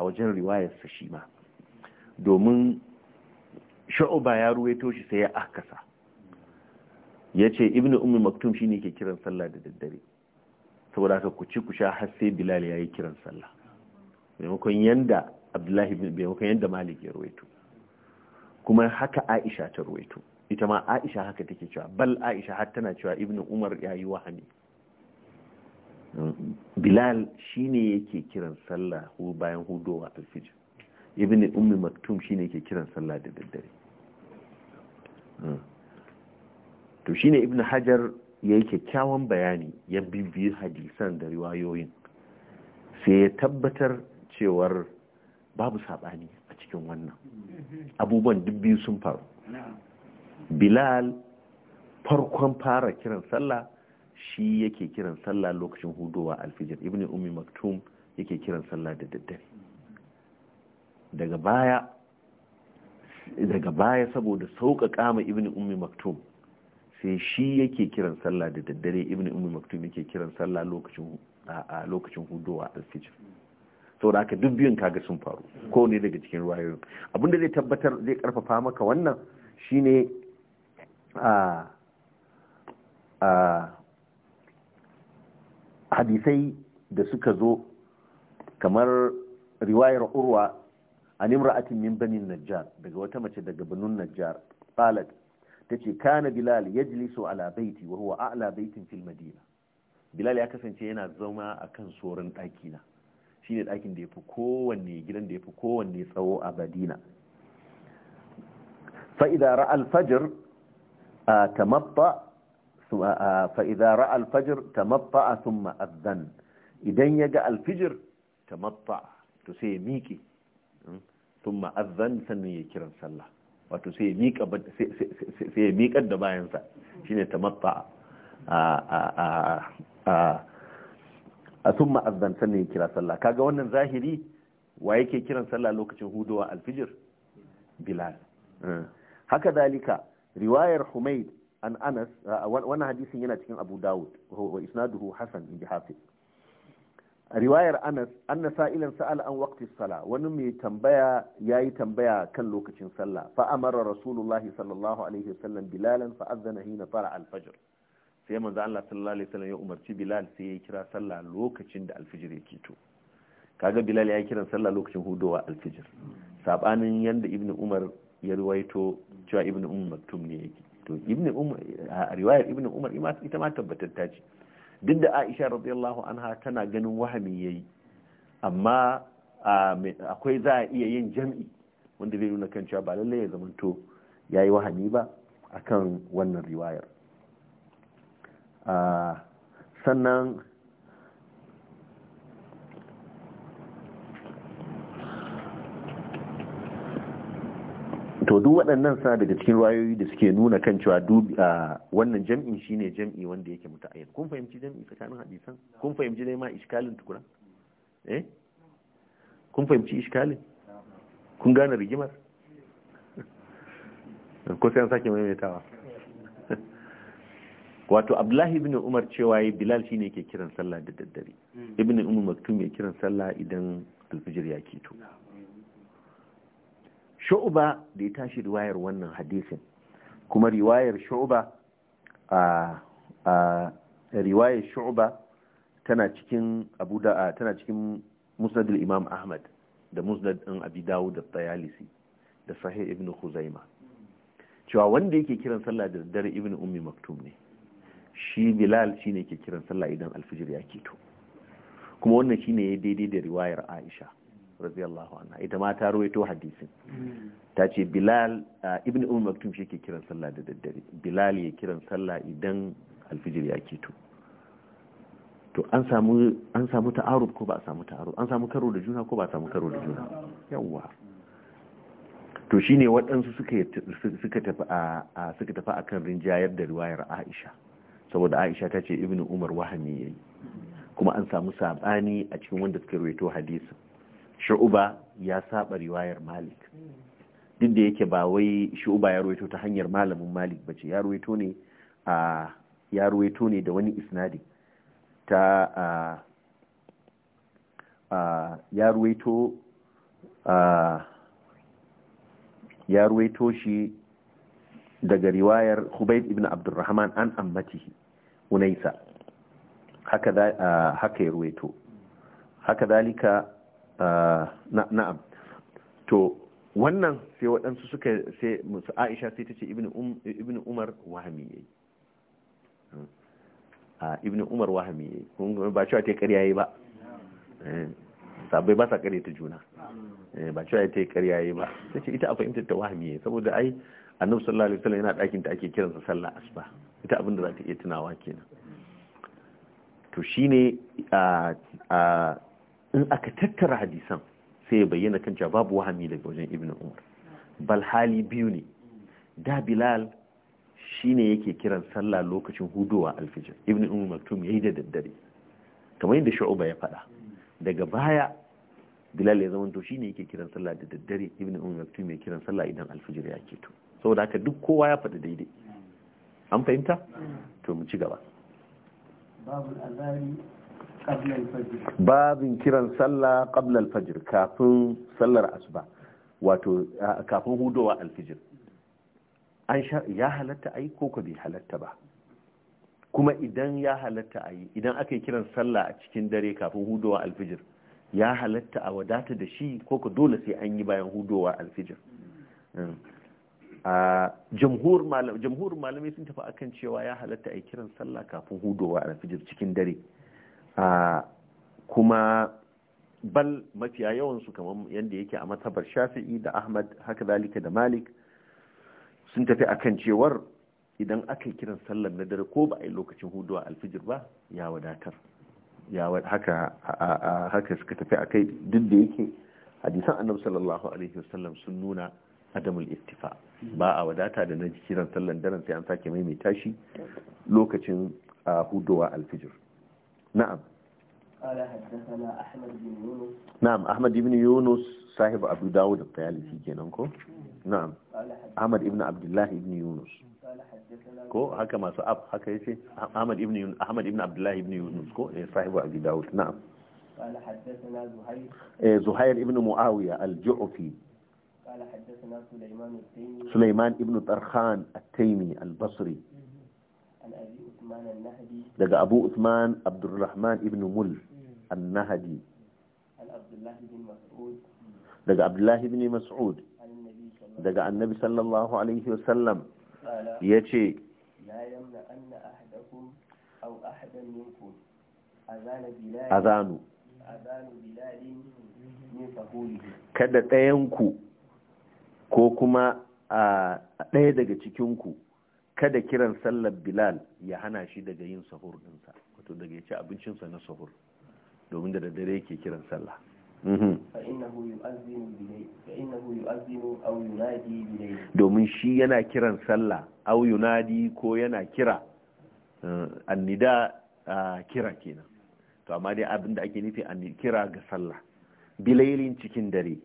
a wajen riwayarsa shi ma domin sha'uba ya ruwaito shi sai ya akasa ya ce ibn ummi maktum shine ke kiran sallah da daddare saboda haka ku ci ku sha har sai bilal ya yi kiran sallah maimakon yanda abdullahi maimakon yanda malik ya ruwaito kuma haka aisha ta ruwaito ita ma aisha haka take cewa bal aisha har tana cewa ibn umar ya yi wahami bilal shi shine yake kiran sallah bayan hudowa alfijir ibn ummi maktum ne yake kiran sallah da daddare hmm. to shi ne ibn hajar ya yi kyakkyawan bayani ya bibiyi hadisan da riwayoyin sai ya tabbatar cewar babu saɓani a cikin wannan abubuwan dubbi sun faru bilal farkon fara kiran sallah shi yake kiran sallah lokacin hudowa alfijir ibn ummi maktum yake kiran sallah da daddare daga baya daga baya saboda sauƙaƙa ma ibn ummi maktum sai shi yake kiran sallah da daddare ibn ummi maktum yake kiran sallah lokacin a lokacin hudowa alfijir saboda haka duk biyun kaga sun faru ko ne daga cikin ruwayoyin abinda zai tabbatar zai karfafa maka wannan shine a a hadisai da suka zo kamar riwayar urwa nimra a min banin najjar daga wata mace daga banun najjar qalat tace kana bilal ya ala baiti wa huwa a'la baitin fil madina bilal ya kasance yana zama akan tsoron daki na shine ɗakin da yafi kowanne gidan da yafi kowanne tsawo a madina fa idza ra'a al fajr fa'iza ra'a alfajir ta mafa'a sun ma'azan idan ya ga alfijir ta mafa'a to sai ya miƙe sun ma'azan sannan ya kiran sallah wato sai ya miƙar da bayansa shi ne ta mafa'a a sun ma'azan sannan ya kira sallah kaga wannan zahiri wa yake kiran sallah lokacin al alfijir bilal haka dalika riwayar humaid an anas wannan hadisin yana cikin abu dawud wa isnaduhu hasan inji hafiz riwayar anas anna sa'ilan sa'al an waqti sala wani mai tambaya yayi tambaya kan lokacin sallah fa amara rasulullahi sallallahu alaihi wasallam bilalan fa azana hina fara al-fajr sai manzo Allah sallallahu alaihi wasallam ya umarci bilal sai ya kira sallah lokacin da al-fajr ya to, kaga bilal ya kiran sallah lokacin hudowa al-fajr sabanin yanda ibnu umar ya ruwaito cewa ibnu umar maktum ne yake wato ibni umar riwayar ibn umar ita ma tabbatar ta ce duk da aisha radiyallahu anha tana ganin wahami yayi amma akwai za a iya yin jam'i wanda zai nuna kan cewa ba lalle ya zamanto yi wahami ba akan wannan riwayar sannan to duk waɗannan suna daga cikin rayoyi da suke nuna kan cewa wannan jam'in shine jam'i wanda yake muta'ayyan kun fahimci jam'i tsakanin hadisan kun fahimci dai ma iskalin tukura eh kun fahimci iskalin kun gane rigimar ko sai an sake maimaitawa wato abdullahi ibn umar cewa yi bilal shine yake kiran sallah da daddare ibn umar maktum ya kiran sallah idan alfijir ya keto shu'ba da ya tashi riwayar wannan hadisin kuma riwayar shu'ba a riwayar shu'ba tana cikin abu da tana cikin musnadul imam ahmad da musnad din abi dawud da tayalisi da sahih ibn khuzaima cewa wanda yake kiran sallah da daddare ibn ummi maktum ne shi bilal shine ke kiran sallah idan alfijir ya to, kuma wannan shine ya daidai da riwayar aisha radiyallahu anha ita ma ta ruwaito hadisin ta ce bilal uh, ibn umar maktum shi ke kiran sallah da daddare bilal ya kiran sallah idan alfijir ya keto to an samu an samu ta'aruf ko ba a samu ta'aruf an samu karo da juna ko ba a samu karo da juna yawwa to shine waɗansu suka suka tafi a suka tafi akan rinjayar da riwayar Aisha saboda Aisha ta ce ibn Umar wahami yayi kuma an samu sabani a cikin wanda suka rawaito hadisin shu'uba ya saba riwayar malik duk da yake ba wai shu'uba ya ruwaito ta hanyar malamin malik bace ya ruwaito ne a ya ruwaito ne da wani isnadi ta a ya ruwaito a ya ruwaito shi daga riwayar hubaid ibn Abdurrahman an ammatihi Unaisa haka haka ya ruwaito haka dalika Ah, na'am to wannan sai waɗansu suka sai musu aisha sai ta ce ibn umar wahami yayi a ibn umar wahami yayi hmm. ah, ba cewa ta ƙarya yayi ba eh, sabai ba sa ƙarya ta juna eh, ba cewa ta ƙarya yayi ba sai ce ita a fahimtar ta wahami yayi saboda ai annabi sallallahu alaihi wasallam yana ɗakin da ake kiransa sallah asuba ita abin da za ta iya tunawa kenan to shine a ah, in aka tattara hadisan sai ya bayyana kan cewa babu wahami daga wajen ibn umar bal hali biyu ne da bilal shine yake kiran sallah lokacin hudowa alfijir ibn umar maktum yayi da daddare kamar yadda shu'uba ya faɗa daga baya bilal ya zama zamanto shine yake kiran sallah da daddare ibn umar maktum ya kiran sallah idan alfijir ya keto saboda haka duk kowa ya faɗi daidai an fahimta to mu ci gaba babin kiran sallah qabla al kafin sallar asuba wato kafin hudowa alfijir ya halatta ai ko ko bai halatta ba kuma idan ya halatta ai idan aka yi kiran sallah a cikin dare kafin hudowa alfijir ya halatta a wadata da shi ko ko dole sai an yi bayan hudowa alfijir jamhur malamai sun tafi akan cewa ya halatta a kiran sallah kafin hudowa alfijir cikin dare kuma bal mafiya yawansu kamar yadda yake a matsabar shafi'i da ahmad haka dalika da malik sun tafi akan cewar idan aka yi kiran sallar na dare ko ba a yi lokacin hudu a alfijir ba ya wadatar haka suka tafi a kai duk da yake hadisan annabi sallallahu alaihi wasallam sun nuna adamul ittifa ba a wadata da na kiran sallar daren sai an sake maimaita shi lokacin hudu a alfijir نعم قال حدثنا أحمد بن يونس نعم أحمد بن يونس صاحب أبو داود الطيالسي كنانكو نعم أحمد ابن عبد الله بن يونس كو هكا ما ab هكا yace Ahmad ibn Yunus احمد ibn عبد الله بن يونس كو صاحب Abi Dawud نعم قال حدثنا زهير إيه، زهير ابن معاوية الجعفي قال حدثنا سليمان التيمي سليمان ابن طرخان التيمي البصري daga abu usman abdurrahman ibn mul annahadi daga abdullahi ibn mas'ud daga annabi sallallahu alaihi wasallam ya ce azanu kada ɗayanku ko kuma a ɗaya daga cikinku kada kiran sallar bilal ya hana shi daga yin sahur dinsa wato daga ya ci abincinsa na sahur domin da daddare yake kiran sallah mhm. domin shi yana kiran sallah au yunadi ko yana kira eh, annida kira kenan to amma dai abin da ake nufi kira ga sallah bilailin cikin dare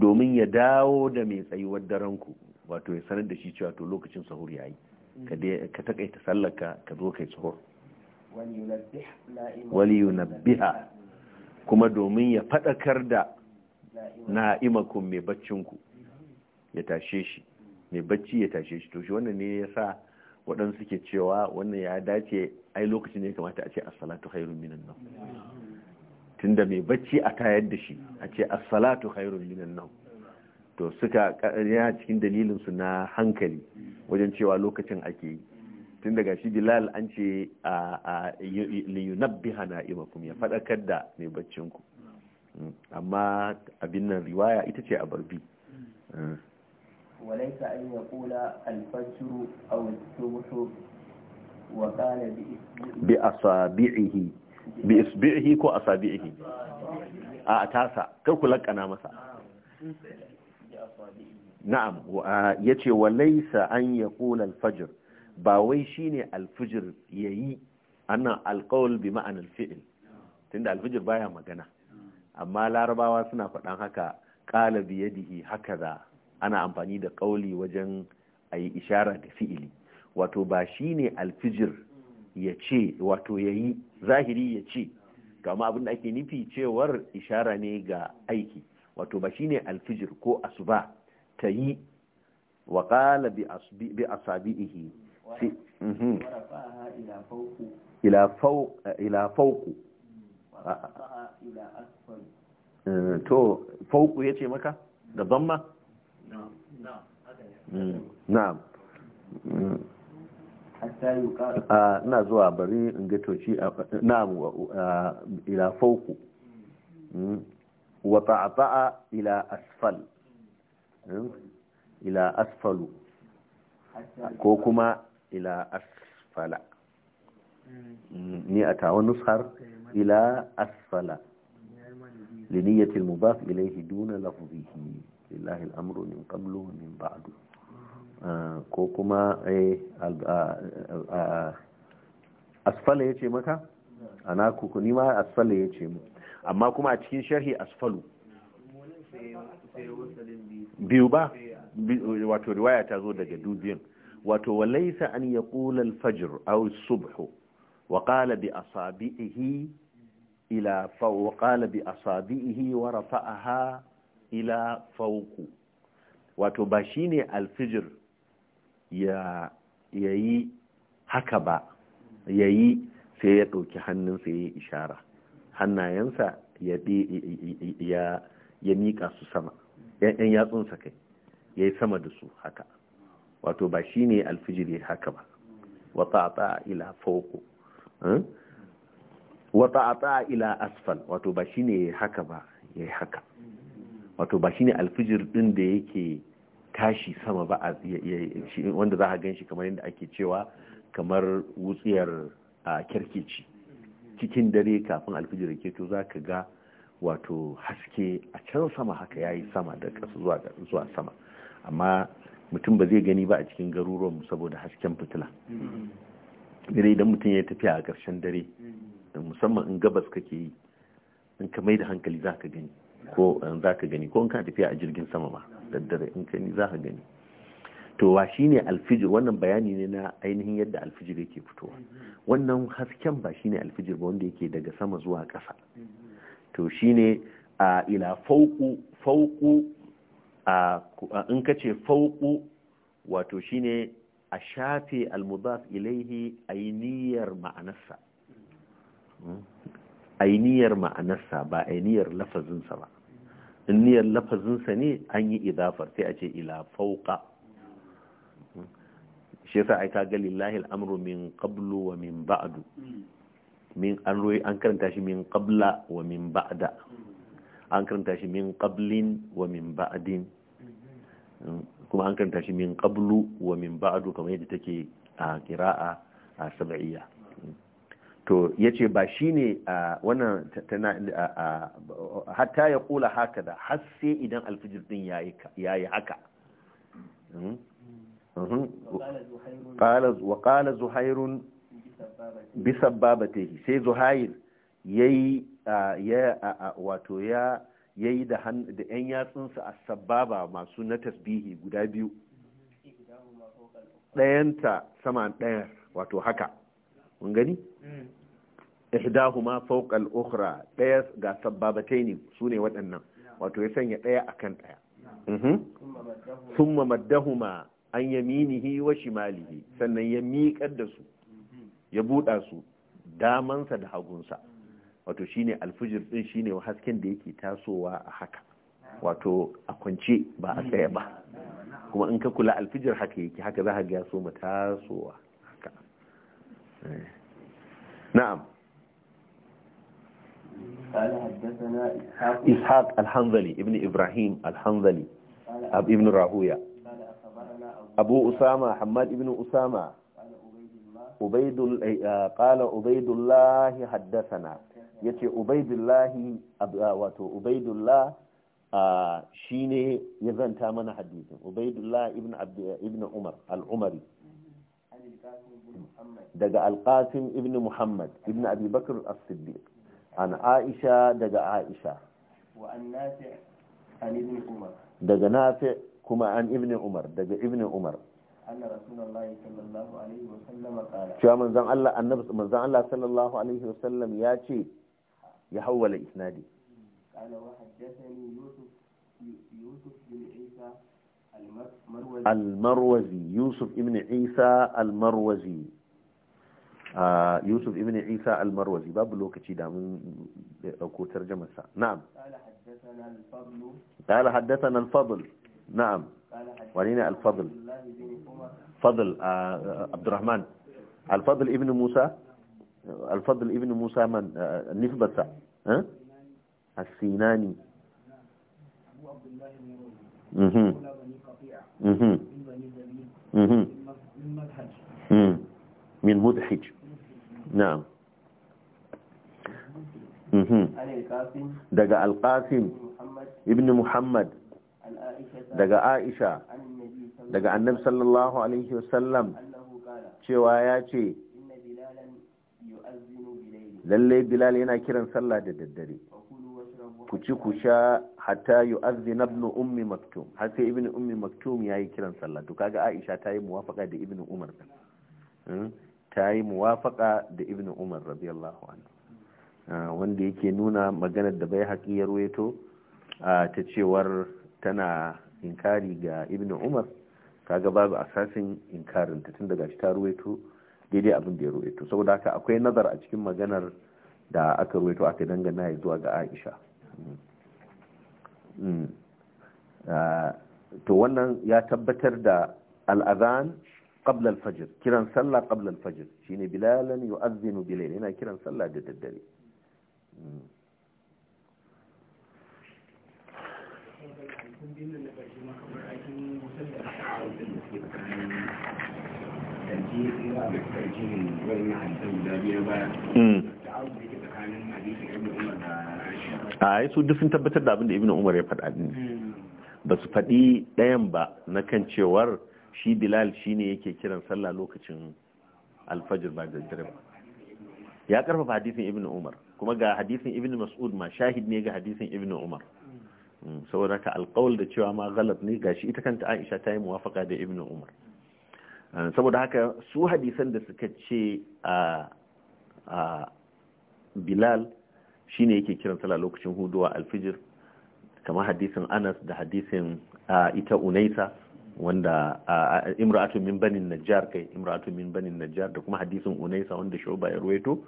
domin ya dawo da mai tsayuwar daren ku wato ya sanar da shi cewa to lokacin sahur yayi ka takaita sallaka ka zo kai sahur wali yunabbiha kuma domin ya fadakar da na'imakun mai baccinku ya tashe shi mai bacci ya tashe shi to shi wannan ne ya sa waɗansu ke cewa wannan ya dace ai lokacin ne ya kamata a ce asalatu salatu minan nan tunda mai bacci a tayar da shi a ce as-salatu khairun minan nawm to suka yana cikin dalilin su na hankali wajen cewa lokacin ake yi tun daga shi bilal an ce a liyunabbiha na'imakum ya fadakar da mai baccin ku mm. amma abin nan riwaya ita ce a barbi وليس أن يقول الفجر أو الصبح bi asabi'ihi bi isbi'ihi ko asabi'ihi a tasa kar ku lakana masa na'am yace wa laysa an yaqula al-fajr ba wai shine al-fajr yayi annan al-qawl bi ma'ana al-fi'l tunda al-fajr baya magana amma larabawa suna faɗan haka qala bi yadihi hakaza ana amfani da qauli wajen ayi ishara da fi'ili wato ba shine al-fajr ya ce wato ya yi zahiri ya ce kama abin da ake nufi cewar ishara ne ga aiki wato ba shine alfijir ko asuba ta yi wa kala bi ihi mhm. ila fauku eh, to fauku ya ce maka da zamma na'am ina zuwa bari in ga toci na'am ila fauku hmm. wa ta'ata'a ila asfal hmm. ila asfalu ko kuma ila asfala hmm. ni a tawon nusar ila asfala liniyatil mubaf ilaihi duna lafzihi lillahi al'amru min qablu min ba'du ko kuma asfala ya ce maka ana kuku nima asfala ya ce mu amma kuma a cikin sharhi asfalu biyu ba wato riwaya ta zo daga dubiyan wato walaisa an ya ƙula alfajir au subhu wa ƙala bi asabi'ihi ila wa ƙala bi asabi'ihi wa rafa'aha ila fauku wato ba shi ne alfijir ya yi haka ba ya yi sai ya ɗauki hannunsa ya yi ishara hannayensa ya miƙa su sama ‘yan yatsunsa kai ya yi sama da su haka wato ba shi ne ya haka ba wata a eh? ila asfal wato ba shi ne haka ba ya haka wato ba shi ne alfijir ɗin da yake tashi sama ba a wanda za a gan shi kamar yadda ake cewa kamar wutsiyar a kirkici cikin dare kafin alfijir keto za ka ga wato haske a can sama haka ya yi sama da ƙasa zuwa sama amma mutum ba zai gani ba a cikin garuruwan saboda hasken fitila dare idan mutum ya tafiya a ƙarshen dare musamman in gabas kake yi in ka mai da hankali za ka gani ko um, za ka gani ko in ka tafiya a jirgin sama ma daddare in ka ni za ka gani to wa shine alfijir wannan bayani ne na ainihin yadda alfijir yake fitowa wannan hasken ba shine alfijir ba wanda yake daga sama zuwa ƙasa to shine a ila fauku fauku a in ka ce fauku wato shine a shafe almudaf ilaihi ainiyar ma'anarsa hmm? ainiyar ma'anarsa ba ainiyar lafazinsa ba in niyyar lafazinsa ne an yi idafar sai a ce ila fauka shi yasa ai kaga lillahi al'amru min qablu wa min ba'du min an royi an karanta shi min qabla wa min ba'da an karanta shi min qablin wa min ba'din kuma an karanta shi min qablu wa min ba'du kamar yadda take a qira'a a sab'iyya to ya ce ba shi ne a wannan hatta ya kula haka da har sai idan alfijir din ya yi haka wa hmm? kala hmm? zuhairun bisabbabate sai zuhair ya yi wato ya yi da 'yan yatsunsa a sababa masu na tasbihi guda biyu ɗayanta sama ɗaya wato haka mun gani hmm. ihdahuma fawqa al-ukhra daya ga sabbabataini sune waɗannan wato ya sanya daya akan daya thumma maddahuma an yaminihi wa shimalihi sannan ya miƙar da su ya buɗa su damansa da hagunsa wato shine alfijir din shine hasken da yake tasowa a haka wato a kwance ba a tsaye ba kuma in ka kula alfijir haka yake haka za ka ga so mu tasowa haka na'am قال حدثنا إسحاق إسحاق الحنظلي ابن إبراهيم الحنظلي ابن راهوية أبو أسامة حماد ابن أسامة عبيد قال عبيد الله حدثنا yace ubaidullahi wato ubaidullah shine ya zanta mana hadisin ubaidullah ibn umar al-umari daga alqasim ibn muhammad ibn abi bakr as-siddiq an aisha daga aisha daga nafi kuma an ibn umar daga ibn umar cewa manzan Allah sallallahu alaihi wasallam ya ce ya hawwala isnadi al-marwazi yusuf ibn isa al آه، يوسف ابن عيسى المروزي باب كتي دا من أكو ترجمة سا. نعم قال حدثنا الفضل قال حدثنا الفضل نعم ولينا الفضل فضل آه، آه، عبد الرحمن الفضل ابن موسى الفضل ابن موسى من نسبة ها السيناني أبو عبد الله بن روزي من من مدحج na'am mhm. daga alƙasim ibn muhammad daga aisha daga annab sallallahu alaihi wasallam cewa ya ce lallai bilal yana kiran sallah da daddare ku ci ku sha hatta yu'azzina ibn ummi maktum har sai ibn ummi maktum ya yi kiran sallah duka ga aisha ta yi muwafaka da ibn umar ta yi muwafaka da ibn umar radiyallahu anhu ah, wanda yake nuna maganar da bai haƙi ya ruweto ah, ta cewar tana inkari ga ibn umar kaga babu asasin inkarin ta tun daga shi ta ruweto daidai abin da ya ruweto saboda haka akwai nazar a cikin maganar da aka ruweto aka dangana ya zuwa ga aisha hmm. Hmm. Ah, to wannan ya tabbatar da al'azan قبل الفجر كيران kiran sallah الفجر شيني بلالا shine بليل هنا كيران yana kiran sallah da daddare su duk sun tabbatar da abin da ibn umar ya faɗa ba su faɗi ɗayan ba na kan cewar shi bilal shi ne yake kiran sallah lokacin alfajir ba da dare ba ya karfafa hadisin ibn umar kuma ga hadisin ibn mas'ud ma shahid ne ga hadisin ibn umar mm, saboda ka alkawal da cewa ma galat ne gashi ita kanta aisha ta yi muwafaka da ibn umar uh, saboda haka su hadisan da suka ce a uh, uh, bilal ne yake kiran sallah lokacin huduwa alfijir kamar hadisin anas da hadisin ita unaisa wanda imratu min banin najjar kai imratu min banin najjar da kuma hadisin unaisa wanda shuba ya ruwaito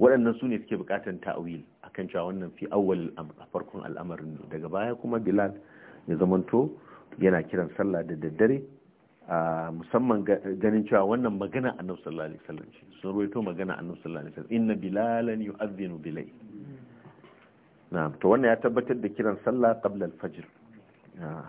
waɗannan su ne suke buƙatar ta'awil akan cewa wannan fi awwal farkon al'amarin daga baya kuma bilal ya zamanto yana kiran sallah da daddare musamman ganin cewa wannan magana annab sallallahu alaihi wasallam ce sun ruwaito magana annab sallallahu alaihi wasallam inna bilalan yu'adhdhinu bilay na'am to wannan ya tabbatar da kiran sallah qabla al-fajr ah.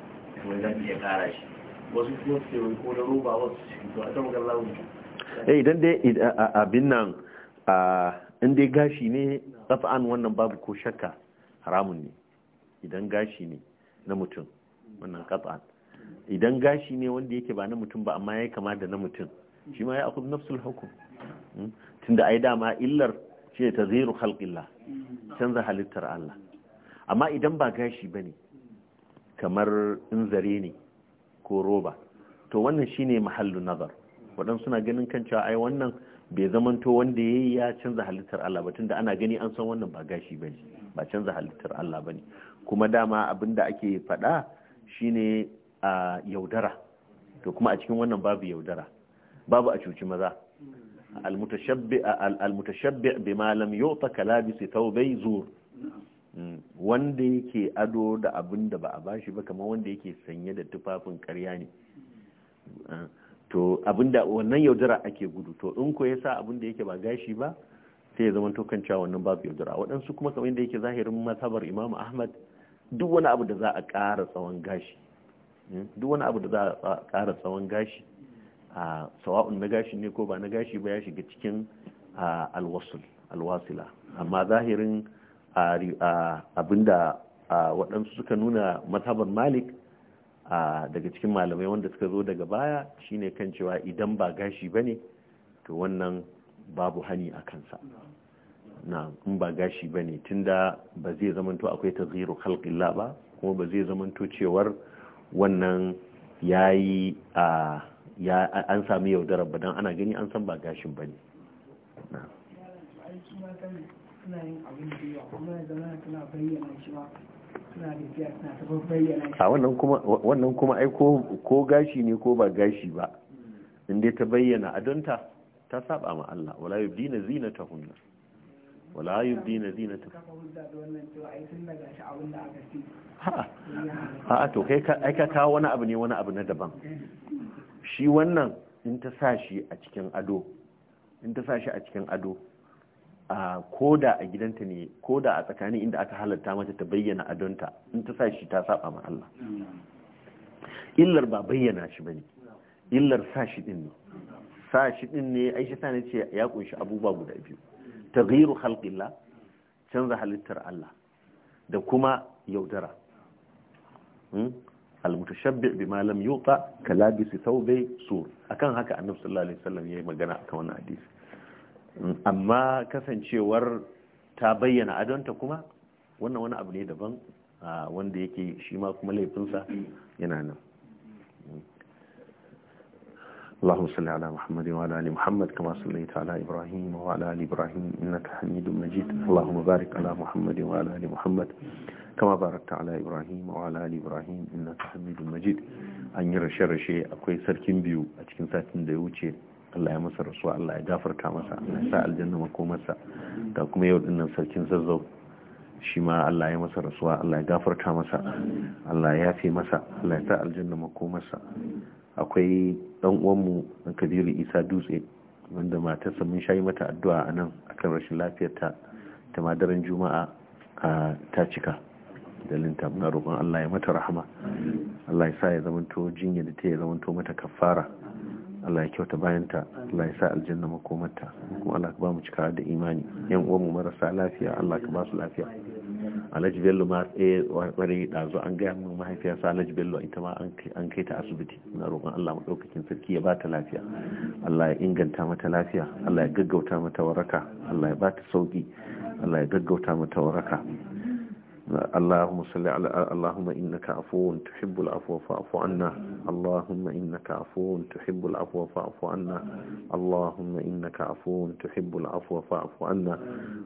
wai zan iya kara shi wasu kuma su wani ko na roba wasu su to a kan galla wani eh idan dai abin nan in dai gashi ne tsafa'an wannan babu ko shakka haramun ne idan gashi ne na mutum wannan katsa'an idan gashi ne wanda yake ba na mutum ba amma ya kama da na mutum shi ma ya akwai nafsul hukum tun hmm? da tunda ai dama illar ce ta zairu halƙilla canza halittar Allah amma idan ba gashi ba ne kamar in zare ne ko roba to wannan shine mahallu nazar waɗansu suna ganin kan cewa ai wannan bai zamanto wanda ya ya canza halittar Allah ba tunda ana gani an san wannan ba gashi ba ne ba canza halittar Allah ba ne kuma dama abin da ake faɗa shine a yaudara to kuma a cikin wannan babu yaudara babu a cuci maza al-mutashabbi bi ma lam yu'ta kalabisi thawbay zur wanda yake ado da abin da ba a bashi ba kamar wanda yake sanye da tufafin karya ne to abin da wannan yaudara ake gudu to in ko yasa abin da yake ba gashi ba sai ya zama to wannan babu yaudara waɗansu kuma kamar yadda yake zahirin masabar imamu ahmad duk wani abu da za a ƙara tsawon gashi hmm, duk wani abu da za a ƙara tsawon gashi a sawa'un na gashi ne ko ba na gashi ba ya shiga cikin alwasul alwasila amma zahirin abinda waɗansu suka nuna mazhabar malik daga cikin malamai wanda suka zo daga baya shine kan cewa idan ba gashi ba ne to wannan babu hani a kansa na in ba gashi ba ne tunda ba zai zamanto akwai ta zero ba kuma ba zai zamanto cewar wannan ya yi a an sami yaudarar ba don ana gani an san ba gashin ba ne suna yin abin da yawa kuma da zama suna bayyana shi ba a wannan kuma wannan kuma ai ko ko gashi ne ko ba gashi ba in dai ta bayyana adonta ta saba ma Allah wala yubdina hunna wala yubdina zinatahunna a to kai ka ai ka kawo wani abu ne wani abu na daban shi wannan in ta sa shi a cikin ado in ta sa shi a cikin ado ko da a gidanta ne koda a tsakanin inda aka halatta mata ta bayyana adonta in ta sa shi ta saba ma Allah illar ba bayyana shi bane illar sa shi din ne sa shi din ne ai shi ce ya kunshi abubuwa guda biyu taghyiru khalqillah canza halittar Allah da kuma yaudara hmm? al-mutashabbi' bima lam yuta kalabisi thawbi sur akan haka annabi sallallahu alaihi wasallam yayi magana akan wannan hadisi amma kasancewar ta bayyana adonta kuma wannan wani abu ne daban wanda yake shi ma kuma laifinsa yana nan اللهم صل على محمد وعلى ال محمد كما صليت على ابراهيم وعلى ال ابراهيم انك حميد مجيد اللهم بارك على محمد وعلى ال محمد كما باركت على ابراهيم وعلى ال ابراهيم انك حميد مجيد an yi rashe-rashe akwai sarkin biyu a cikin satin da ya wuce Allah ya masa rasuwa Allah ya gafarta masa Allah ya sa aljanna makomarsa da kuma yau dinnan sarkin zazzau shi ma Allah ya masa rasuwa Allah ya gafarta masa Allah ya yafe masa Allah ya sa aljanna makomarsa akwai dan uwanmu dan Kabiru Isa Dutse wanda matarsa mun shayi mata addu'a anan nan akan rashin lafiyarta ta madaran juma'a ta cika ta muna roƙon Allah ya mata rahama Allah ya sa ya zamanto jinya da ta ya zamanto mata kafara Allah ya kyauta bayanta Allah ya sa aljanna makomarta kuma Allah ka ba mu cikawa da imani yan uwan mu marasa lafiya Allah ka ba su lafiya Alhaji Bello ma tsaye eh, wani ɗazu an gaya mu mahaifiyarsa Alhaji Bello ita ma an kai ta asibiti na roƙon Allah maɗaukakin sarki ya ba ta lafiya Allah ya inganta mata lafiya Allah ya gaggauta mata waraka Allah ya ba ta sauki Allah ya gaggauta mata waraka اللهم صل على اللهم إنك عفو تحب العفو فاعف عنا اللهم إنك عفو تحب العفو فاعف عنا اللهم إنك عفو تحب العفو فاعف عنا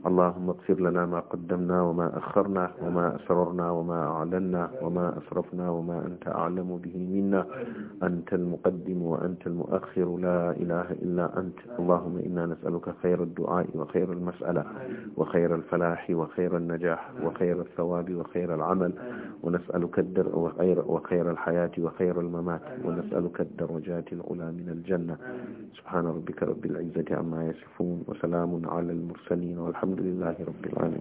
اللهم اغفر لنا ما قدمنا وما أخرنا وما أسررنا وما أعلنا وما أسرفنا وما أنت أعلم به منا أنت المقدم وأنت المؤخر لا إله إلا أنت اللهم إنا نسألك خير الدعاء وخير المسألة وخير الفلاح وخير النجاح وخير الثواب الثواب وخير العمل ونسألك الدر وخير, وخير الحياة وخير الممات ونسألك الدرجات العلا من الجنة سبحان ربك رب العزة عما يصفون وسلام على المرسلين والحمد لله رب العالمين